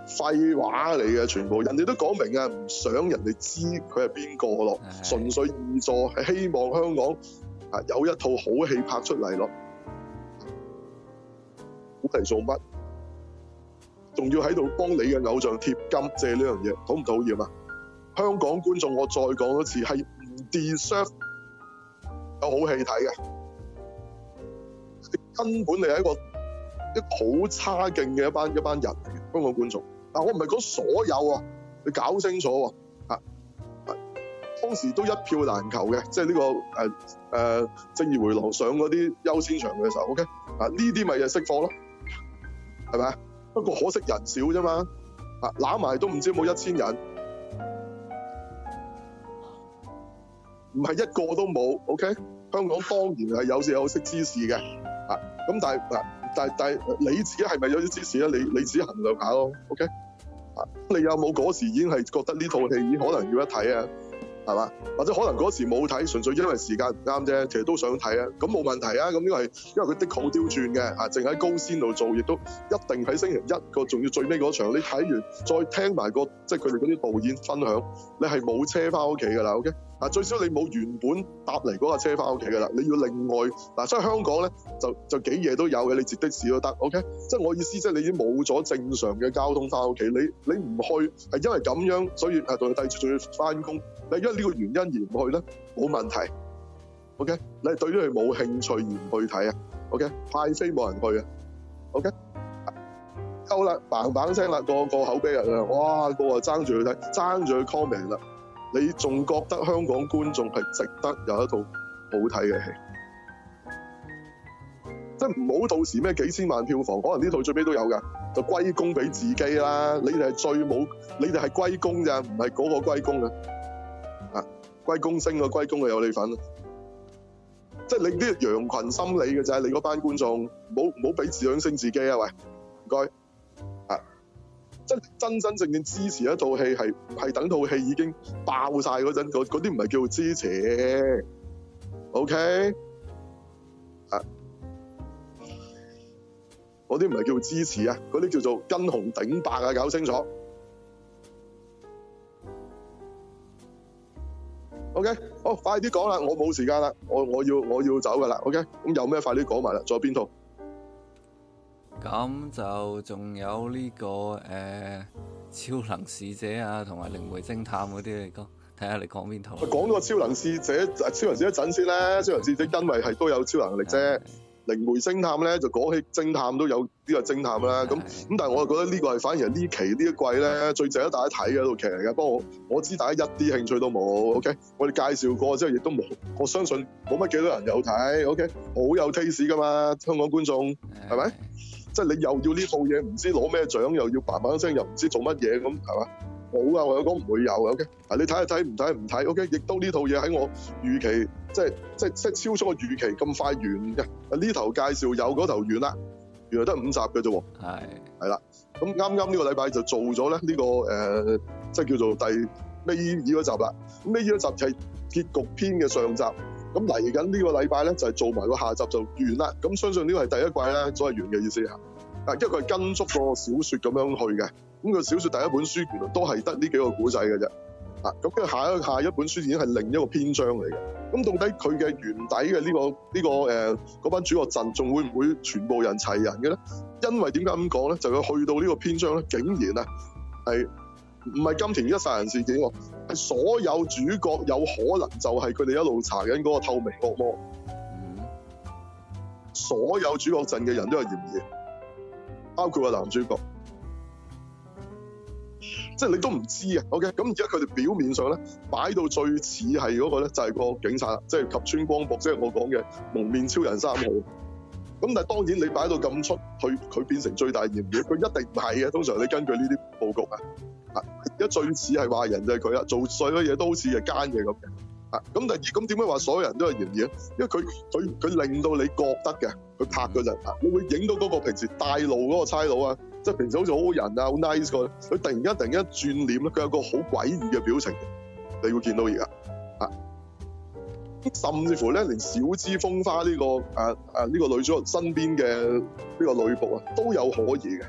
廢話嚟嘅全部，人哋都講明啊，唔想人哋知佢係邊個咯，純粹協助係希望香港啊有一套好戲拍出嚟咯。估佢做乜？仲要喺度幫你嘅偶像貼金，借呢樣嘢討唔討厭啊？香港觀眾，我再講一次，係。電 show 有好戲睇嘅，根本你係一個一好差勁嘅一班一班人嚟嘅香港觀眾，但我唔係講所有啊，你搞清楚啊，啊啊當時都一票難求嘅，即係呢、這個誒誒正義迴廊上嗰啲優先場嘅時候，OK 啊呢啲咪就識貨咯，係咪啊？不過可惜人少啫嘛，啊攬埋都唔知冇一千人。唔係一個都冇，OK？香港當然係有有識芝士嘅啊。咁但係嗱、啊，但係但係你自己係咪有啲芝士咧？你你自己衡量一下咯，OK？啊，你有冇嗰時已經係覺得呢套戲已經可能要一睇啊？係嘛？或者可能嗰時冇睇，純粹因為時間唔啱啫。其實都想睇啊，咁冇問題啊。咁呢個係因為佢的確好刁鑽嘅啊，淨喺高先度做，亦都一定喺星期一個仲要最尾嗰場。你睇完再聽埋個即係佢哋嗰啲導演分享，你係冇車翻屋企㗎啦，OK？嗱，最少你冇原本搭嚟嗰架車翻屋企㗎啦，你要另外嗱，啊、所以香港咧就就幾嘢都有嘅，你接的士都得，OK。即係我意思即係你已經冇咗正常嘅交通翻屋企，你你唔去係因為咁樣，所以誒同佢繼續仲要翻工，你因為呢個原因而唔去咧冇問題，OK。你對於佢冇興趣而唔去睇啊，OK。派飛冇人去啊，OK 好。好啦，嘭嘭聲啦，個、個個口碑啊，哇，個個爭住去睇，爭住去 comment 啦。你仲覺得香港觀眾係值得有一套好睇嘅戲？即係唔好到時咩幾千萬票房，可能呢套最尾都有㗎，就歸功俾自己啦。你哋係最冇，你哋係歸功咋，唔係嗰個歸功嘅。啊，歸功聲啊，歸功啊有你份啦。即係你啲羊羣心理嘅就係，你嗰班觀眾，唔好唔好俾自養升自己啊？喂，唔該。真真真正正支持一套戲係係等套戲已經爆晒嗰陣，嗰啲唔係叫做支持，OK？啊，嗰啲唔係叫支持啊，嗰啲叫做跟紅頂白啊，搞清楚。OK，好，好快啲講啦，我冇時間啦，我我要我要走噶啦，OK？咁有咩快啲講埋啦，仲有邊套？咁就仲有呢、這個誒、欸、超能使者啊，同埋靈媒偵探嗰啲嚟講，睇下你講邊套？講到超能使者，超能使者一陣先啦。超能使者因為係都有超能力啫。靈媒偵探咧就講起偵探都有呢個偵探啦。咁咁，但係我覺覺得呢個係反而呢期呢一季咧最值得大家睇嘅一套劇嚟嘅。不過我知大家一啲興趣都冇。OK，我哋介紹過之後，亦都冇。我相信冇乜幾多人有睇。OK，好有 taste 噶嘛，香港觀眾係咪？即係你又要呢套嘢，唔知攞咩獎，又要嘭嘭聲，又唔知做乜嘢咁，係嘛？冇啊！我講唔會有嘅。O K，啊，你睇一睇唔睇唔睇？O K，亦都呢套嘢喺我預期，即係即係即係超出我預期咁快完嘅。呢頭介紹有，嗰頭完啦。原來得五集嘅啫喎。係係啦。咁啱啱呢個禮拜就做咗咧呢個，呃，即係叫做第咩尾二嗰集啦。咁尾二嗰集係結局篇嘅上集。咁嚟緊呢個禮拜咧，就係、是、做埋個下集就完啦。咁相信呢個係第一季咧，所以完嘅意思啊。因為佢係跟足小說、那個小説咁樣去嘅。咁佢小説第一本書原來都係得呢幾個古仔嘅啫。啊，咁佢下一下一本書已經係另一個篇章嚟嘅。咁到底佢嘅原底嘅呢、呢個呢、呢個嗰、呃、班主角陣仲會唔會全部人齊人嘅咧？因為點解咁講咧？就佢去到呢個篇章咧，竟然啊係唔係金田一殺人事件喎？所有主角有可能就係佢哋一路查緊嗰個透明惡魔，嗯，所有主角陣嘅人都係嫌疑，包括個男主角，即係你都唔知啊。OK，咁而家佢哋表面上咧擺到最似係嗰個咧就係、是、個警察即係、就是、及川光博，即、就、係、是、我講嘅蒙面超人三號。咁但係當然你擺到咁出，去，佢變成最大嫌疑，佢一定唔係嘅。通常你根據呢啲佈局啊。一最似係壞人就係佢啦，做衰嘅嘢都好似係奸嘢咁嘅。啊！咁第二，咁點解話所有人都係嫌疑咧？因為佢佢佢令到你覺得嘅，佢、嗯、拍嗰陣啊，會影到嗰個平時大路嗰個差佬啊，即、就、係、是、平時好似好人啊、好 nice 個，佢突然間突然間轉臉咧，佢有個好詭異嘅表情，你會見到而家啊。甚至乎咧，連小芝風花呢、這個啊啊呢、這個女主角身邊嘅呢個女僕啊，都有可疑嘅。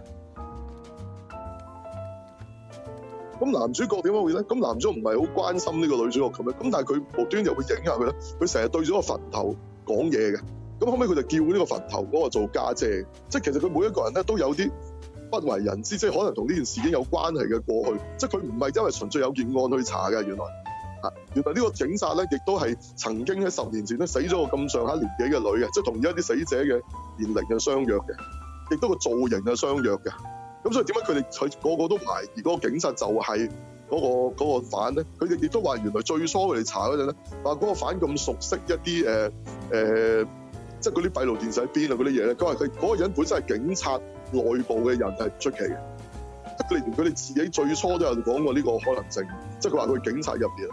咁男主角點解會咧？咁男主角唔係好關心呢個女主角咁樣，咁但係佢無端又會影下佢咧？佢成日對住個墳頭講嘢嘅，咁後尾佢就叫呢個墳頭嗰個做家姐，姐，即係其實佢每一個人咧都有啲不為人知，即係可能同呢件事件有關係嘅過去，即係佢唔係因為純粹有件案去查㗎。原來，啊，原來呢個警察咧亦都係曾經喺十年前咧死咗個咁上下年紀嘅女，即係同一啲死者嘅年齡嘅相約嘅，亦都個造型嘅相約嘅。咁所以點解佢哋佢個個都懷疑，而嗰個警察就係嗰、嗰個嗰犯咧？佢哋亦都話原來最初佢哋查嗰陣咧，話嗰個犯咁熟悉一啲誒誒，即係嗰啲閉路電視喺邊啊嗰啲嘢咧。佢話佢嗰個人本身係警察內部嘅人係唔出奇嘅，佢哋連佢哋自己最初都有講過呢個可能性，即係佢話佢警察入邊。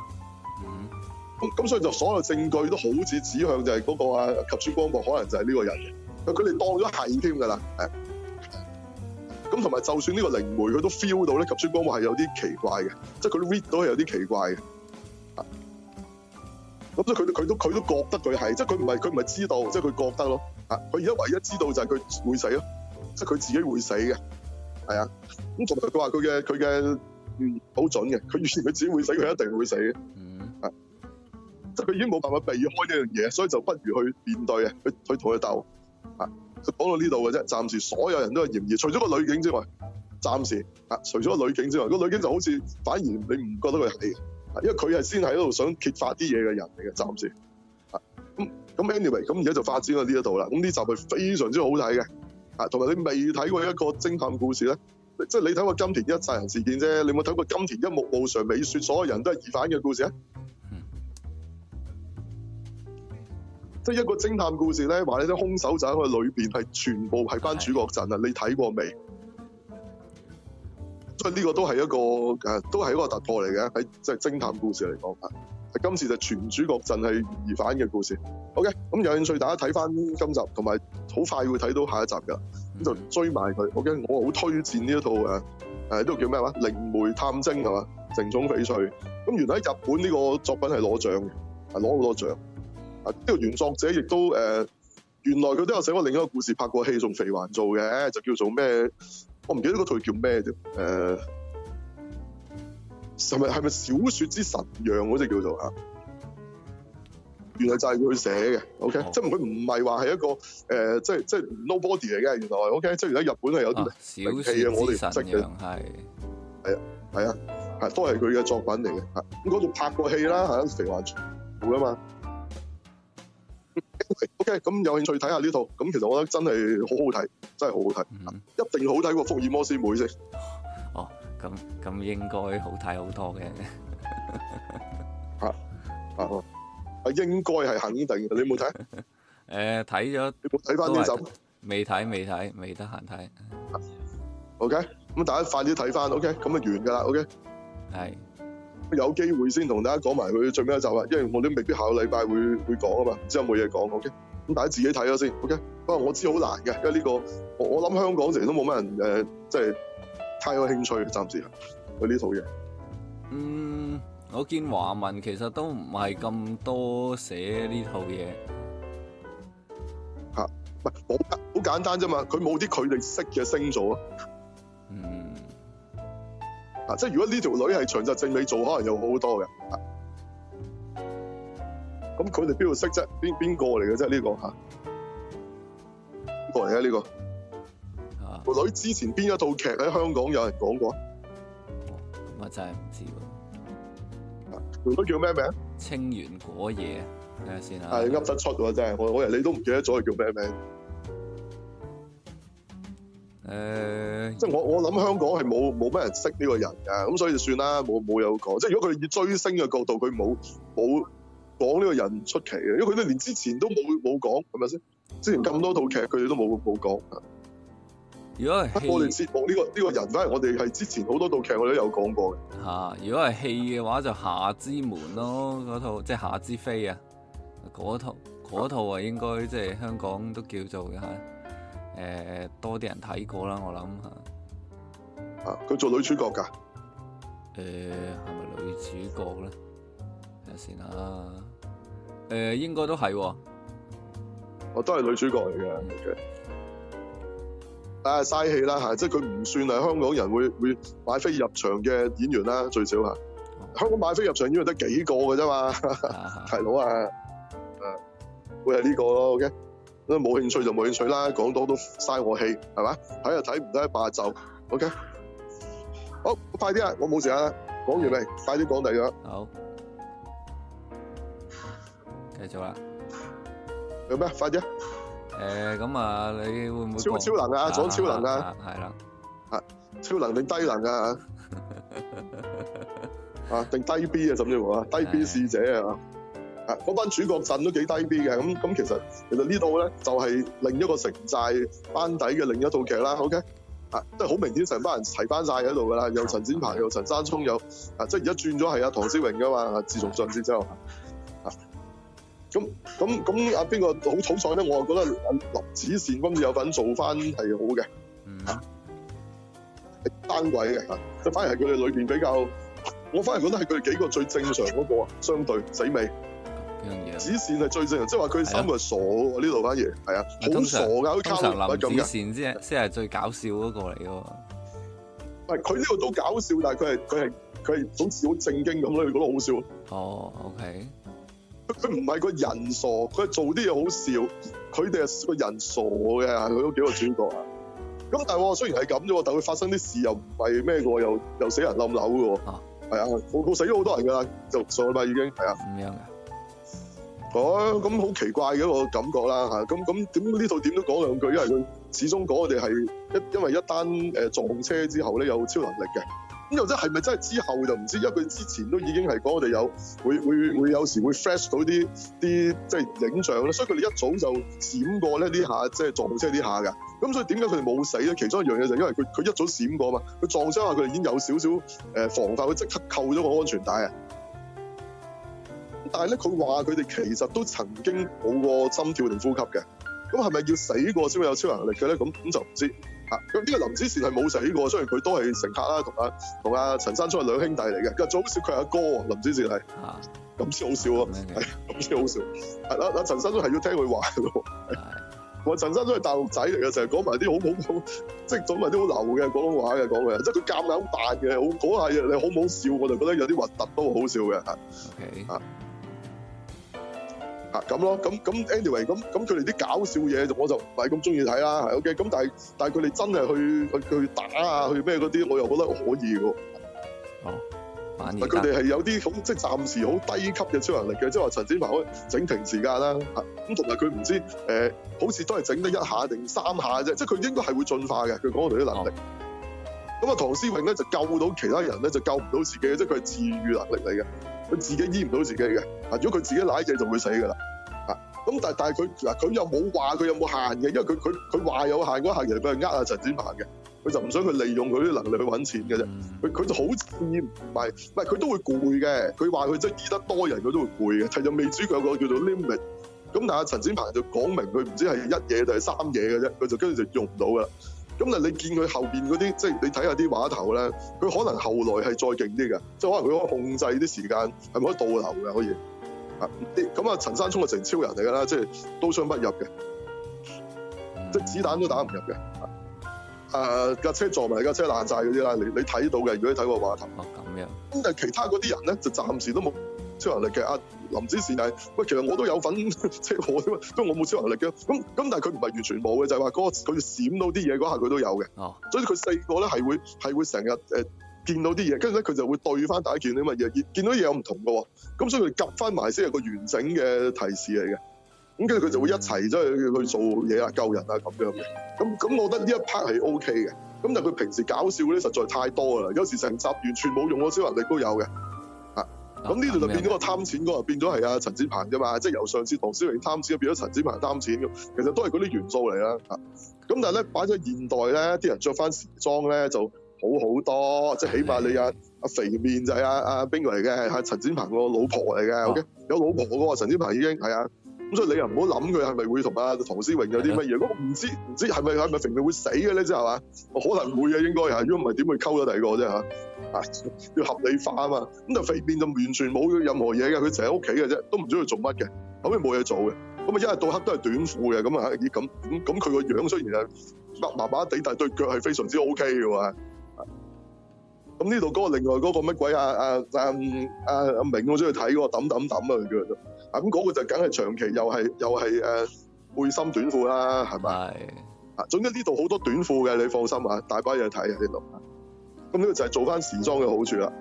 咁、嗯、咁所以就所有證據都好似指向就係嗰、嗰個啊及川光博，可能就係呢個人嘅。佢哋當咗係添㗎啦，係。咁同埋，就算呢個靈媒佢都 feel 到咧，及川光武係有啲奇怪嘅，即係佢 read 到係有啲奇怪嘅。咁即係佢都佢都佢都覺得佢係，即係佢唔係佢唔係知道，即係佢覺得咯。啊，佢而家唯一知道就係佢會死咯，即係佢自己會死嘅。係啊，咁同埋佢話佢嘅佢嘅嗯好準嘅，佢預佢自己會死，佢一定會死嘅。嗯，啊，即係佢已經冇辦法避開呢樣嘢，所以就不如去面對啊，去去同佢鬥啊。佢講到呢度嘅啫，暫時所有人都係嫌疑，除咗個女警之外，暫時啊，除咗個女警之外，嗰女警就好似反而你唔覺得佢係，啊，因為佢係先喺度想揭發啲嘢嘅人嚟嘅，暫時啊，咁咁 anyway，咁而家就發展到呢一度啦，咁呢集係非常之好睇嘅，啊，同埋你未睇過一個偵探故事咧，即係你睇、就是、過金田一殺人事件啫，你有冇睇過金田一木無常美雪所有人都係疑犯嘅故事咧？即係一個偵探故事咧，話呢啲凶手仔喺佢裏邊係全部係班主角陣啊！你睇過未？所以呢個都係一個誒，都係一個突破嚟嘅，喺即係偵探故事嚟講啊！今次就全主角陣係疑犯嘅故事。OK，咁有興趣大家睇翻今集，同埋好快會睇到下一集噶，咁就追埋佢。OK，我好推薦呢一套誒誒呢個叫咩話《靈媒偵探》係嘛，城塚翡翠咁原來喺日本呢個作品係攞獎嘅，係攞好多獎。啊！呢個原作者亦都誒、呃，原來佢都有寫過另一個故事，拍過戲，仲肥環做嘅，就叫做咩？我唔記得嗰套叫咩啫？誒、呃，係咪係咪小説之神樣嗰隻叫做嚇、啊？原來就係佢寫嘅，OK，哦、即係佢唔係話係一個誒、呃，即係即係 nobody 嚟嘅。原來 OK，即係而家日本係有啲小説神羊，我哋唔識嘅係，係啊，係啊，係都係佢嘅作品嚟嘅。咁嗰度拍過戲啦嚇、啊，肥環做噶嘛。O K，咁有興趣睇下呢套，咁其實我覺得真係好好睇，真係好好睇，一定好睇過福爾摩斯妹先。哦，咁咁應該好睇好多嘅。吓，阿哥，啊應該係肯定，你有冇睇？誒，睇咗，睇翻，呢集未睇？未睇，未睇，未得閒睇。O K，咁大家快啲睇翻，O K，咁就完噶啦。O K，係。有機會先同大家講埋佢最尾一集啦，因為我都未必下個禮拜會會講啊嘛，之後冇嘢講，OK？咁大家自己睇咗先，OK？不過我知好難嘅，因為呢、這個我我諗香港成日都冇乜人誒，即、呃、係太有興趣，暫時啊，佢呢套嘢。嗯，我見華文其實都唔係咁多寫呢套嘢。吓、啊，唔好好簡單啫嘛，佢冇啲佢哋識嘅星座。嗯。即係如果呢條女係長澤正美做，可能有好多嘅。咁佢哋邊度識啫？邊邊個嚟嘅啫？呢個嚇，邊個嚟啊？呢個女之前邊一套劇喺香港有人講過、啊？我真係唔知喎、啊。條女叫咩名？清原果耶。睇下先啊。係噏得出喎，真係我我以為你都唔記得咗，佢叫咩名？誒、呃，即係我我諗香港係冇冇咩人識呢個人嘅，咁所以就算啦，冇冇有講。即係如果佢以追星嘅角度，佢冇冇講呢個人唔出奇嘅，因為佢都連之前都冇冇講，係咪先？之前咁多套劇，佢哋都冇冇講。如果係我哋節目呢個呢、這個人，反而我哋係之前好多套劇我哋都有講過嘅。吓、啊，如果係戲嘅話，就《夏之門》咯，嗰套即係《夏之飛》啊，嗰套嗰套啊，套應該即係香港都叫做嘅吓。誒，多啲人睇過啦，我諗吓，啊，佢做女主角噶，誒、啊，係咪女主角咧？睇下先啦，誒、啊，應該、啊啊、都係，我都係女主角嚟嘅。、嗯，啊，嘥氣啦吓，即係佢唔算係香港人會會買飛入場嘅演員啦，最少吓、啊啊，香港買飛入場演員得幾個㗎啫嘛，係咯啊，誒、啊啊，會係呢、呢個咯，ok。都冇興趣就冇興趣啦，講多都嘥我氣，係嘛？睇啊睇唔得霸就，OK？好快啲啊！我冇時間啦，講完未、嗯，快啲講第二個好，繼續啊！有咩？快啲。誒、欸，咁啊，你會唔會超超,、啊、超超能啊？講超能啊？係啦，係超能定低能啊？ (laughs) 啊，定低 B 啊？甚至乎啊，低 B 使者啊？嗰班主角陣都幾低 B 嘅，咁咁其實其實這裡呢度咧就係、是、另一個城寨班底嘅另一套劇啦。OK，啊，即係好明顯，成班人齊翻晒喺度噶啦，又陳展鵬，又陳山聰，又啊，即係而家轉咗係阿唐詩詠噶嘛。自從進戰之後，啊，咁咁咁，阿邊、啊、個好彩咧？我係覺得、啊、林子善今次有份做翻係好嘅，啊、單位嘅，即、啊、反而係佢哋裏邊比較，我反而覺得係佢哋幾個最正常嗰個啊，相對死美。啊、子善係最正，即係話佢心係傻喎？呢度反而係啊，好、啊、傻噶，好摳，冇咁子善先先係最搞笑嗰個嚟嘅。係佢呢度都搞笑，但係佢係佢係佢係好似好正經咁咯，你覺得好笑、oh, okay. 不是是人是好笑？哦，OK。佢唔係個人傻的，佢係做啲嘢好笑。佢哋係個人傻嘅，佢都幾個主角啊。咁 (laughs) 但係雖然係咁啫，但會發生啲事又唔係咩又又死人冧樓嘅。係啊，我、啊、死咗好多人噶啦，就上嘛，已經係啊。咁樣、啊哦，咁好奇怪嘅一個感覺啦吓，咁咁點呢度點都講兩句，因為佢始終講我哋係一因為一單撞車之後咧有超能力嘅，咁又真係咪真係之後就唔知。因為佢之前都已經係講我哋有會會會有時會 flash 到啲啲即係影像啦，所以佢哋一早就閃過呢呢下即係撞車呢下嘅。咁所以點解佢哋冇死咧？其中一樣嘢就係因為佢佢一早閃過啊嘛，佢撞車下，佢哋已經有少少防範，佢即刻扣咗個安全帶啊。但係咧，佢話佢哋其實都曾經冇過心跳定呼吸嘅，咁係咪要死過先會有超能力嘅咧？咁咁就唔知吓。咁呢個林子善係冇死過，雖然佢都係乘客啦，同阿同阿陳山聰係兩兄弟嚟嘅。佢最好笑佢係阿哥啊，林子善係咁先好笑啊，咁先好笑。阿阿陳山聰係要聽佢話嘅喎。我陳山聰係大陸仔嚟嘅，成日講埋啲好冇好，即係講埋啲好流嘅廣東話嘅講嘅，即係佢夾硬扮嘅，好講下嘢，你好唔好笑我就覺得有啲核突都好笑嘅。OK 啊。咁咯，咁咁 anyway 咁咁佢哋啲搞笑嘢我就唔係咁中意睇啦，係 OK。咁但係但係佢哋真係去去去打啊，去咩嗰啲，我又覺得可以嘅。哦，反而佢哋係有啲咁，即係暫時好低級嘅超能力嘅，即係話陳展鵬可以整停時間啦。咁同埋佢唔知好似都係整得一下定三下啫。即係佢應該係會進化嘅。佢講我哋啲能力。咁啊，唐詩詠咧就救到其他人咧，就救唔到自己，即係佢係治癒能力嚟嘅。佢自己醫唔到自己嘅，啊！如果佢自己舐隻，就會死噶啦，啊！咁但但係佢嗱，佢又冇話佢有冇限嘅，因為佢佢佢話有限嗰限其實佢係呃阿陳展鵬嘅，佢就唔想去利用佢啲能力去揾錢嘅啫，佢佢就好似唔係，唔係佢都會攰嘅，佢話佢真係醫得多人，佢都會攰嘅，就係未知佢有個叫做 limit，咁但係陳展鵬就講明佢唔知係一嘢定係三嘢嘅啫，佢就跟住就用唔到噶啦。咁但你見佢後邊嗰啲，即係你睇下啲畫頭咧，佢可能後來係再勁啲嘅，即係可能佢可以控制啲時間，係咪可以倒流嘅可以。啊，啲咁啊，陳山聰係成超人嚟㗎啦，即係刀槍不入嘅，即係子彈都打唔入嘅。嗯、啊，架車撞埋架車爛晒嗰啲啦，你你睇到嘅，如果你睇過畫頭。咁樣。咁但係其他嗰啲人咧，就暫時都冇超能力嘅啊。林子善就係，喂，其實我都有份，即係我啫嘛，都我冇超能力㗎。咁咁，但係佢唔係完全冇嘅，就係話嗰個佢閃到啲嘢嗰下佢都有嘅。所以佢四個咧係會係會成日誒見到啲嘢，跟住咧佢就會對返第一件啲乜嘢，見到嘢有唔同㗎喎，咁所以佢夾翻埋先係個完整嘅提示嚟嘅。咁跟住佢就會一齊即係去做嘢啊、救人啊咁樣嘅。咁咁，我覺得呢一 part 係 OK 嘅。咁但係佢平時搞笑咧，實在太多啦，有時成集完全冇用我超能力都有嘅。咁呢度就變咗個貪錢嗰個，變咗係阿陳展鵬啫嘛，即係由上次唐詩詠貪錢變咗陳展鵬貪錢嘅，其實都係嗰啲元素嚟啦。咁但係咧，擺咗現代咧，啲人着翻時裝咧就好好多，即係起碼你阿、啊、阿肥面就係阿阿邊個嚟嘅？係阿、啊、陳展鵬個老婆嚟嘅。OK、哦、有老婆嘅喎，陳展鵬已經係啊。咁所以你又唔好諗佢係咪會同阿唐詩詠有啲乜嘢？如果唔知唔知係咪係咪肥面會死嘅咧，即係嘛？可能會啊，應該係，如果唔係點會溝咗第二個啫嚇？啊， (laughs) 要合理化啊嘛，咁就肥變就完全冇任何嘢嘅，佢成日屋企嘅啫，都唔知佢做乜嘅，咁又冇嘢做嘅，咁啊一日到黑都係短褲嘅，咁啊咦咁咁咁佢個樣，樣，樣雖然啊麻麻麻地，但係對腳係非常之 OK 嘅哇，咁呢度嗰個另外嗰個乜鬼啊啊啊啊阿、啊、明我中意睇嗰個抌抌抌啊佢咁嗰個就梗係長期又係又係誒、啊、背心短褲啦，係咪？啊，總之呢度好多短褲嘅，你放心啊，大把嘢睇啊呢度。咁呢個就係做翻時裝嘅好處啦。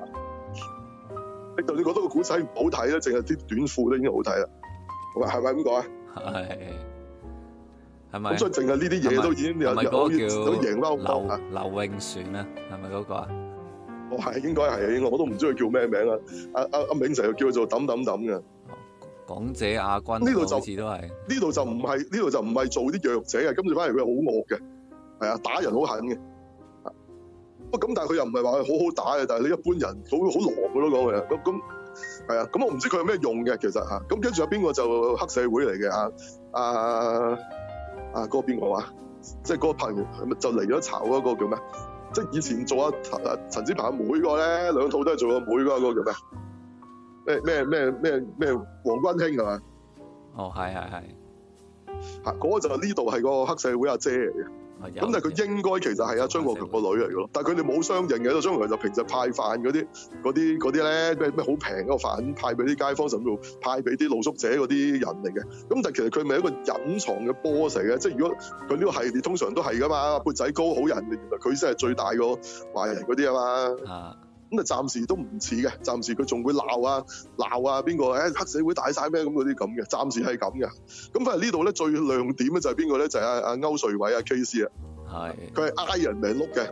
你到底覺得個古仔唔好睇咧，淨係啲短褲都已經好睇啦。係咪咁講啊？係。係咪？咁所以淨係呢啲嘢都已經有贏。唔係嗰個叫劉劉永璇啊？係咪嗰個啊？哦，係應該係啊，應該我都唔知佢叫咩名啊。阿阿阿明成日叫佢做抌抌抌嘅。港姐亞軍。呢度就呢度就唔係呢度就唔係做啲弱者嘅，跟住返嚟佢好惡嘅，係啊，打人好狠嘅。但他又不咁，但係佢又唔係話好好打嘅，但係你一般人好好狼嘅咯，講佢咁咁，係啊，咁我唔知佢有咩用嘅，其實嚇。咁跟住有邊個就黑社會嚟嘅啊？啊啊嗰個邊個啊？即係嗰個朋友，就嚟咗炒嗰個叫咩？即、就、係、是、以前做阿陳子平阿妹個咧，兩套都係做阿妹個嗰個叫咩？咩咩咩咩咩黃君興係嘛？哦，係係係。嚇，嗰、那個就呢度係個黑社會阿姐嚟嘅。咁但係佢應該其實係阿張國強個女嚟嘅咯，但佢哋冇相認嘅，張國強就平時派飯嗰啲嗰啲嗰啲咧咩咩好平嗰個飯派俾啲街坊，甚至乎派俾啲露宿者嗰啲人嚟嘅。咁但係其實佢咪一個隱藏嘅 boss 嚟嘅，即係如果佢呢個系列通常都係㗎嘛，缽仔糕好人，原來佢先係最大個壞人嗰啲啊嘛。啊。咁啊，暫時都唔似嘅，暫時佢仲會鬧啊鬧啊，邊個誒黑社會大晒咩咁嗰啲咁嘅，暫時係咁嘅。咁反而呢度咧最亮點咧就係邊個咧？就係阿阿歐瑞偉阿 K C 啊，佢係 Iron Man look 嘅，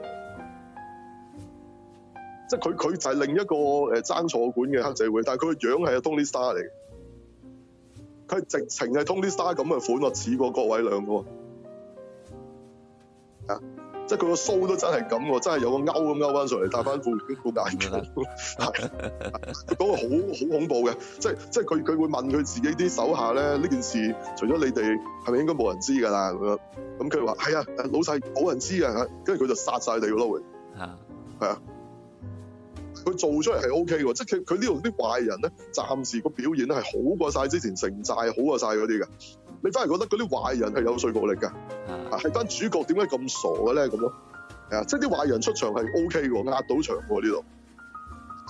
即係佢佢就係另一個誒爭坐館嘅黑社會，但係佢個樣係 Tony Stark 嚟，佢直情係 Tony Stark 咁嘅款咯，似過各位兩個啊。即係佢個鬚都真係咁喎，真係有個勾咁勾翻上嚟，戴翻副副眼鏡，嗰個好好恐怖嘅。即係即係佢佢會問佢自己啲手下咧呢這件事，除咗你哋係咪應該冇人知㗎啦？咁咁佢話係啊，老細冇人知啊，跟住佢就殺晒你咯，會嚇係啊！佢做出嚟係 OK 喎，即係佢佢呢度啲壞人咧，暫時個表現咧係好過晒之前成寨好過晒嗰啲㗎。你反而覺得嗰啲壞人係有說服力㗎，係班主角點解咁傻嘅咧咁咯？啊，即係啲壞人出場係 O K 嘅喎，壓到場喎呢度。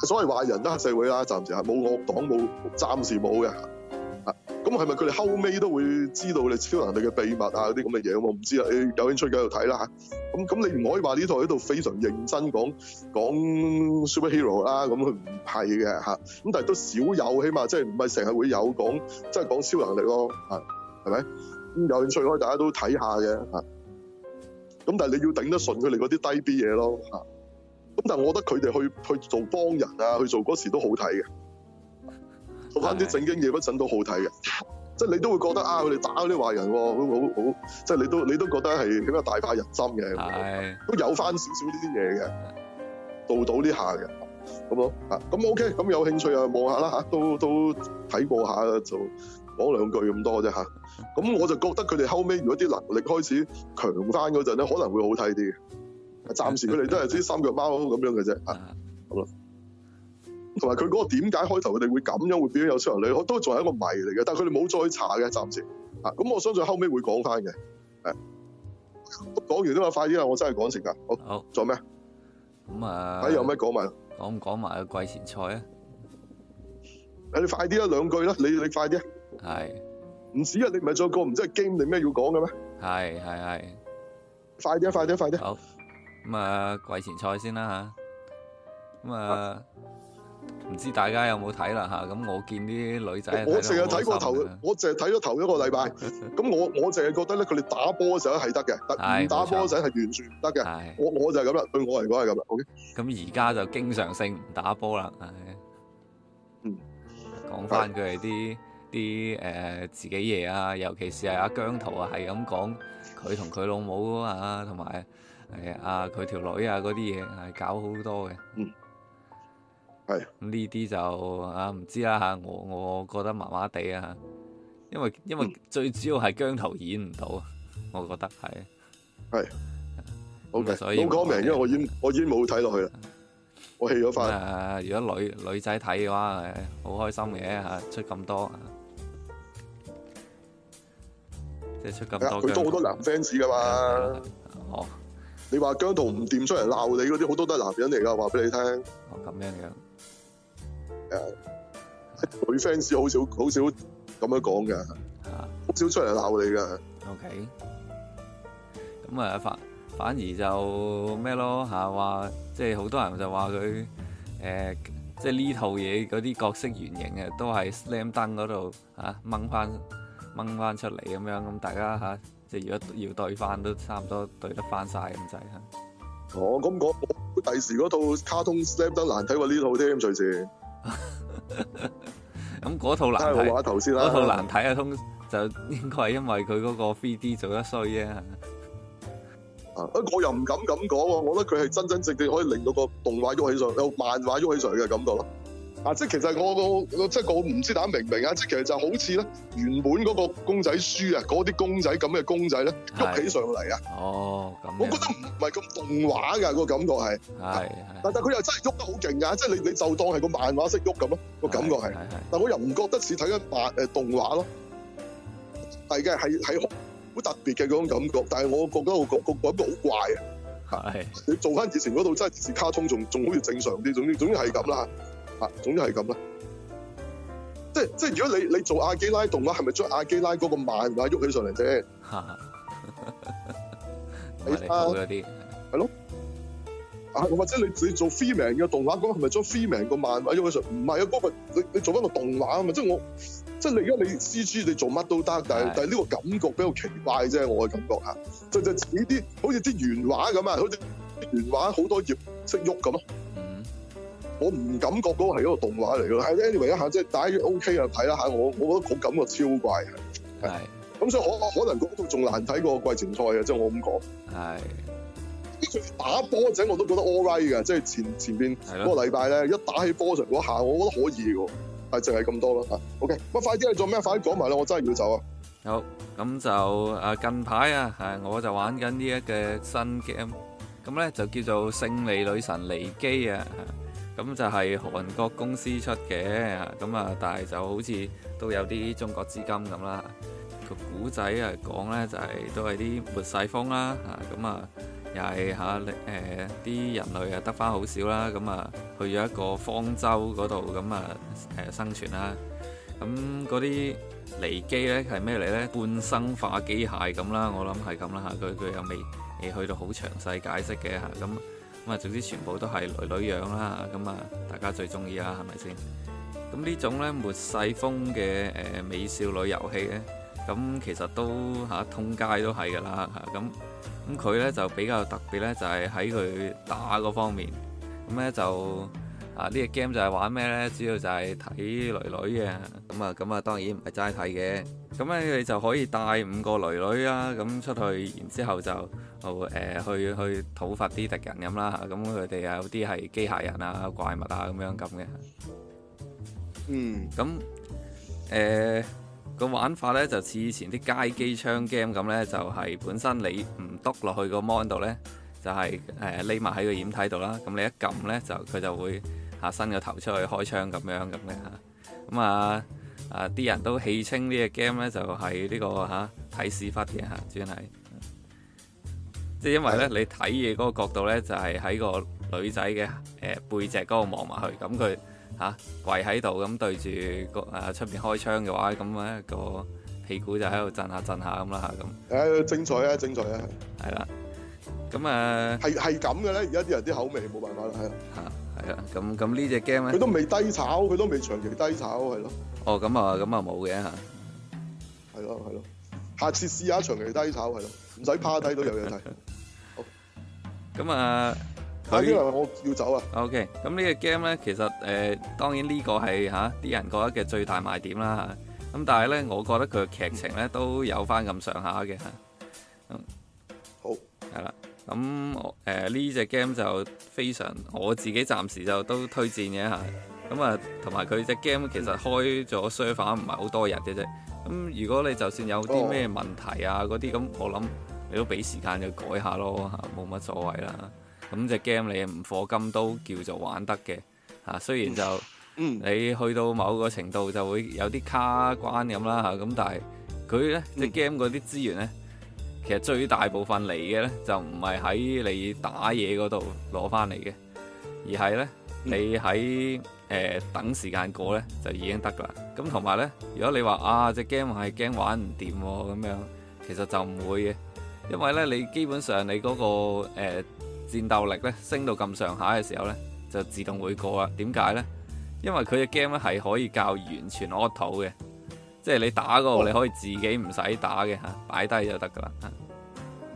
所謂壞人啦，黑社會啦，暫時係冇惡黨，冇暫時冇嘅。啊，咁係咪佢哋後尾都會知道你超能力嘅秘密啊？嗰啲咁嘅嘢我唔知啦。你有興趣繼續睇啦嚇。咁咁你唔可以話呢度喺度非常認真講講 superhero 啦咁，佢唔係嘅嚇。咁但係都少有，起碼即係唔係成日會有講即係講超能力咯啊。係咪？有興趣可以大家都睇下嘅吓。咁但係你要頂得順佢哋嗰啲低 B 嘢咯吓。咁但係我覺得佢哋去去做幫人啊，去做嗰時都好睇嘅。做翻啲正經嘢嗰陣都好睇嘅。即係你都會覺得啊，佢哋打啲壞人，好好好，即係、就是、你都你都覺得係比較大快人心嘅。係都有翻少少呢啲嘢嘅，做到呢下嘅。咁咯，咁 OK，咁有興趣啊，望下啦吓，都都睇過一下啦，就講兩句咁多啫吓。咁我就覺得佢哋後尾如果啲能力開始強翻嗰陣咧，可能會好睇啲嘅。暫時佢哋都係啲三腳貓咁樣嘅啫吓，好啦。同埋佢嗰個點解開頭佢哋會咁樣會變有超能力，都仲係一個謎嚟嘅。但係佢哋冇再查嘅，暫時。咁我相信後尾會講翻嘅，係。講完都話快啲啦，我真係講成日。好，仲有咩咁啊，睇有咩講埋。講唔講埋個季前賽啊？你快啲一兩句啦，你你快啲。係，唔止啊，你唔係再講唔知係 game 定咩要講嘅咩？係係係，快啲啊！快啲啊！快啲！好，咁、嗯嗯嗯、啊，季前賽先啦吓，咁啊。唔知大家有冇睇啦吓，咁我見啲女仔，我淨係睇過頭，我淨係睇咗頭一個禮拜，咁我我淨係覺得咧，佢哋打波嘅時候係得嘅，唔打波嘅時係完全唔得嘅。我我就係咁啦，對我嚟講係咁啦。咁而家就經常性唔打波啦，嗯。講翻佢哋啲啲誒自己嘢啊，尤其是係阿姜濤啊，係咁講佢同佢老母啊，同埋誒阿佢條女啊嗰啲嘢係搞好多嘅，嗯。係呢啲就唔、啊、知啦吓，我我覺得麻麻地啊，因為因為最主要係姜濤演唔到，我覺得係係，好嘅，好講明，因為我已我已經冇睇落去啦，我棄咗翻。如果女女仔睇嘅話，好開心嘅吓，出咁多，即係、就是、出咁多。佢都好多男 fans 噶嘛？哦，你話姜濤唔掂，出嚟鬧你嗰啲，好多都係男人嚟噶，話俾你聽。哦，咁樣樣。誒，佢 fans 好少好少咁樣講嘅，好少出嚟鬧你噶。OK，咁啊反反而就咩咯吓，話即係好多人就話佢誒，即係呢套嘢嗰啲角色原型啊都係 Slam 登嗰度吓掹翻掹翻出嚟咁樣，咁大家吓、啊、即係如果要對翻都差唔多對得翻晒咁滯吓。哦，咁講第時嗰套卡通 Slam 登難睇過呢套添，隨時。咁 (laughs) 嗰套難睇，頭先嗰套難睇啊，通就應該係因為佢嗰個 3D 做得衰啫。啊，我又唔敢咁講喎，我覺得佢係真真正正可以令到個動畫喐起上，有漫畫喐起上嘅感覺咯。啊！即係其實我個即係我唔知大家明唔明啊？即係其實就好似咧，原本嗰個公仔書啊，嗰啲公仔咁嘅公仔咧，喐起上嚟啊！哦，咁。我覺得唔係咁動畫嘅個感覺係。係但但佢又真係喐得好勁噶，即係你你就當係個漫畫式喐咁咯，個感覺係。但我又唔覺得似睇緊漫誒動畫咯。係嘅，係係好特別嘅嗰種感覺，但係我覺得個個個感覺好怪啊。係。你做翻以前嗰度真係電視卡通，仲仲好似正常啲，總之總之係咁啦。啊，總之係咁啦，即係即係，如果你你做阿基拉動畫，係咪將阿基拉嗰個漫畫喐起上嚟啫？吓 (laughs) 你看，你 (laughs) 啊對了，係 (laughs) 咯，啊或者你自己做 female 嘅動畫，咁係咪將 female 名個漫畫喐起上？唔係啊，嗰個你你做翻、那個、個動畫啊嘛，即係我即係你而家你 C G 你做乜都得， (laughs) 但係是 (laughs) 但係呢個感覺比較奇怪啫，我嘅感覺啊，就就似啲好似啲原畫咁啊，好似啲原畫好原畫多頁識喐咁咯。我唔感覺嗰個係一個動畫嚟嘅、anyway, OK，但係 anyway 一下即係打，O K 啊，睇一下我，我覺得好感覺超怪係，咁，所以可可能嗰度仲難睇過季前賽嘅，即係我咁講係。打波仔我都覺得 all right 嘅，即係前前邊嗰個禮拜咧一打起波場嗰下，我覺得可以嘅，但係淨係咁多啦嚇。O K，唔快啲去做咩？快啲講埋啦，我真係要走啊。好，咁就啊，近排啊，我就玩緊呢一個新 game，咁咧就叫做《勝利女神妮姬》啊。咁就係韓國公司出嘅，咁啊，但係就好似都有啲中國資金咁啦。個古仔啊講咧，就係都係啲末世風啦，咁啊，又係吓啲人類啊得翻好少啦，咁啊去咗一個方舟嗰度，咁啊生存啦。咁嗰啲妮姬咧係咩嚟咧？半生化機械咁啦，我諗係咁啦嚇。佢佢又未未去到好詳細解釋嘅咁。咁啊，總之全部都係女女樣啦，咁啊，大家最中意啦，係咪先？咁呢種咧末世風嘅誒美少女遊戲咧，咁其實都嚇通街都係㗎啦，嚇咁咁佢咧就比較特別咧，就係喺佢打嗰方面，咁咧就啊、這個、呢個 game 就係玩咩咧？主要就係睇女女嘅，咁啊咁啊，當然唔係齋睇嘅，咁咧你就可以帶五個女女啊咁出去，然之後就～誒，去去討伐啲敵人咁啦，咁佢哋有啲係機械人啊、怪物啊咁樣咁嘅。嗯，咁誒、欸個玩法咧就似以前啲街機槍 game 咁咧，就係、是、本身你唔篤落去個 mon 度咧，就係誒匿埋喺個掩體度啦。咁你一撳咧，就佢就會吓伸個頭出去開槍咁樣咁嘅吓。咁啊啊啲人都戲稱呢、就是這個 game 咧就係呢個吓睇屎忽嘅吓，真係。即係因為咧，你睇嘢嗰個角度咧，就係、是、喺個女仔嘅誒背脊嗰度望埋去，咁佢吓跪喺度，咁對住個誒出邊開槍嘅話，咁、那、啊個屁股就喺度震下震下咁啦吓咁。誒，精彩啊，精彩啊！係啦，咁啊係係咁嘅咧，而家啲人啲口味冇辦法啦，係啊，係啊，咁咁呢隻 game 咧，佢都未低炒，佢都未長期低炒，係咯。哦，咁啊，咁啊冇嘅吓，係咯，係咯。是的是的。下次試下長期低炒係咯，唔使趴低都有嘢睇。咁啊，佢、啊、我要走啊。O K，咁呢個 game 咧，其實誒、呃，當然呢個係啲、啊、人覺得嘅最大賣點啦咁、啊、但係咧，我覺得佢嘅劇情咧、嗯、都有翻咁上下嘅嚇。好，係、嗯、啦。咁呢隻 game 就非常，我自己暫時就都推薦嘅咁啊，同埋佢隻 game 其實開咗 server 唔係好多日嘅啫。咁如果你就算有啲咩問題啊嗰啲，咁我諗你都俾時間就改下咯嚇，冇乜所謂啦。咁隻 game 你唔課金都叫做玩得嘅嚇，雖然就你去到某個程度就會有啲卡關咁啦嚇，咁但係佢咧隻 game 嗰啲資源咧，其實最大部分嚟嘅咧就唔係喺你打嘢嗰度攞翻嚟嘅，而係咧你喺。誒、呃、等時間過咧就已經得㗎啦，咁同埋咧，如果你話啊隻 game 係驚玩唔掂咁樣，其實就唔會嘅，因為咧你基本上你嗰、嗰個戰、呃、戰鬥力咧升到咁上下嘅時候咧，就自動會過啦。點解咧？因為佢嘅 game 咧係可以較完全 auto 嘅，即係你打個你可以自己唔使打嘅吓，擺低就得噶啦，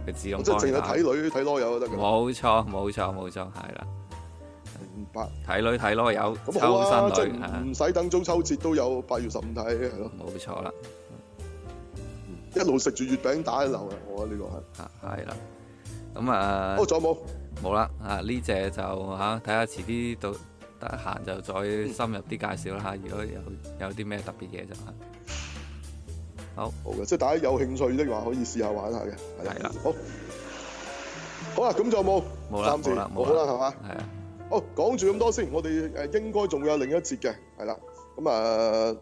佢自動幫你，即係淨係睇女睇囉柚得嘅。冇錯冇錯冇錯，係啦。睇女睇咯有秋生女唔使、啊啊、等中秋節都有八月十五睇係咯，冇錯、啊、啦，嗯、一路食住月餅打一流嘅，我呢、啊這個係啊係啦，咁啊，啊，好仲有冇？冇啦，啊呢隻就吓睇下遲啲到得閒就再深入啲介紹啦、嗯。如果有有啲咩特別嘢就，好好嘅，即係大家有興趣的話可以試下玩下嘅，係啦、啊啊啊，好，好啦，咁仲有冇？冇啦，冇啦，冇啦，係嘛，係啊。好，講住咁多先，我哋誒應該仲會有另一節嘅，係啦，咁啊、呃，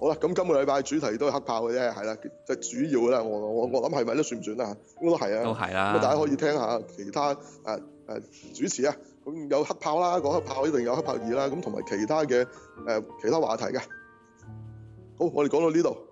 好啦，咁今個禮拜主題都係黑豹嘅啫，係、就是、啦，就主要嘅啦，我我我諗係咪都算唔算啊？應該都係啊，都係啦，咁大家可以聽下其他誒誒、呃呃、主持啊，咁有黑豹啦，講黑豹一定有黑豹二啦，咁同埋其他嘅誒、呃、其他話題嘅，好，我哋講到呢度。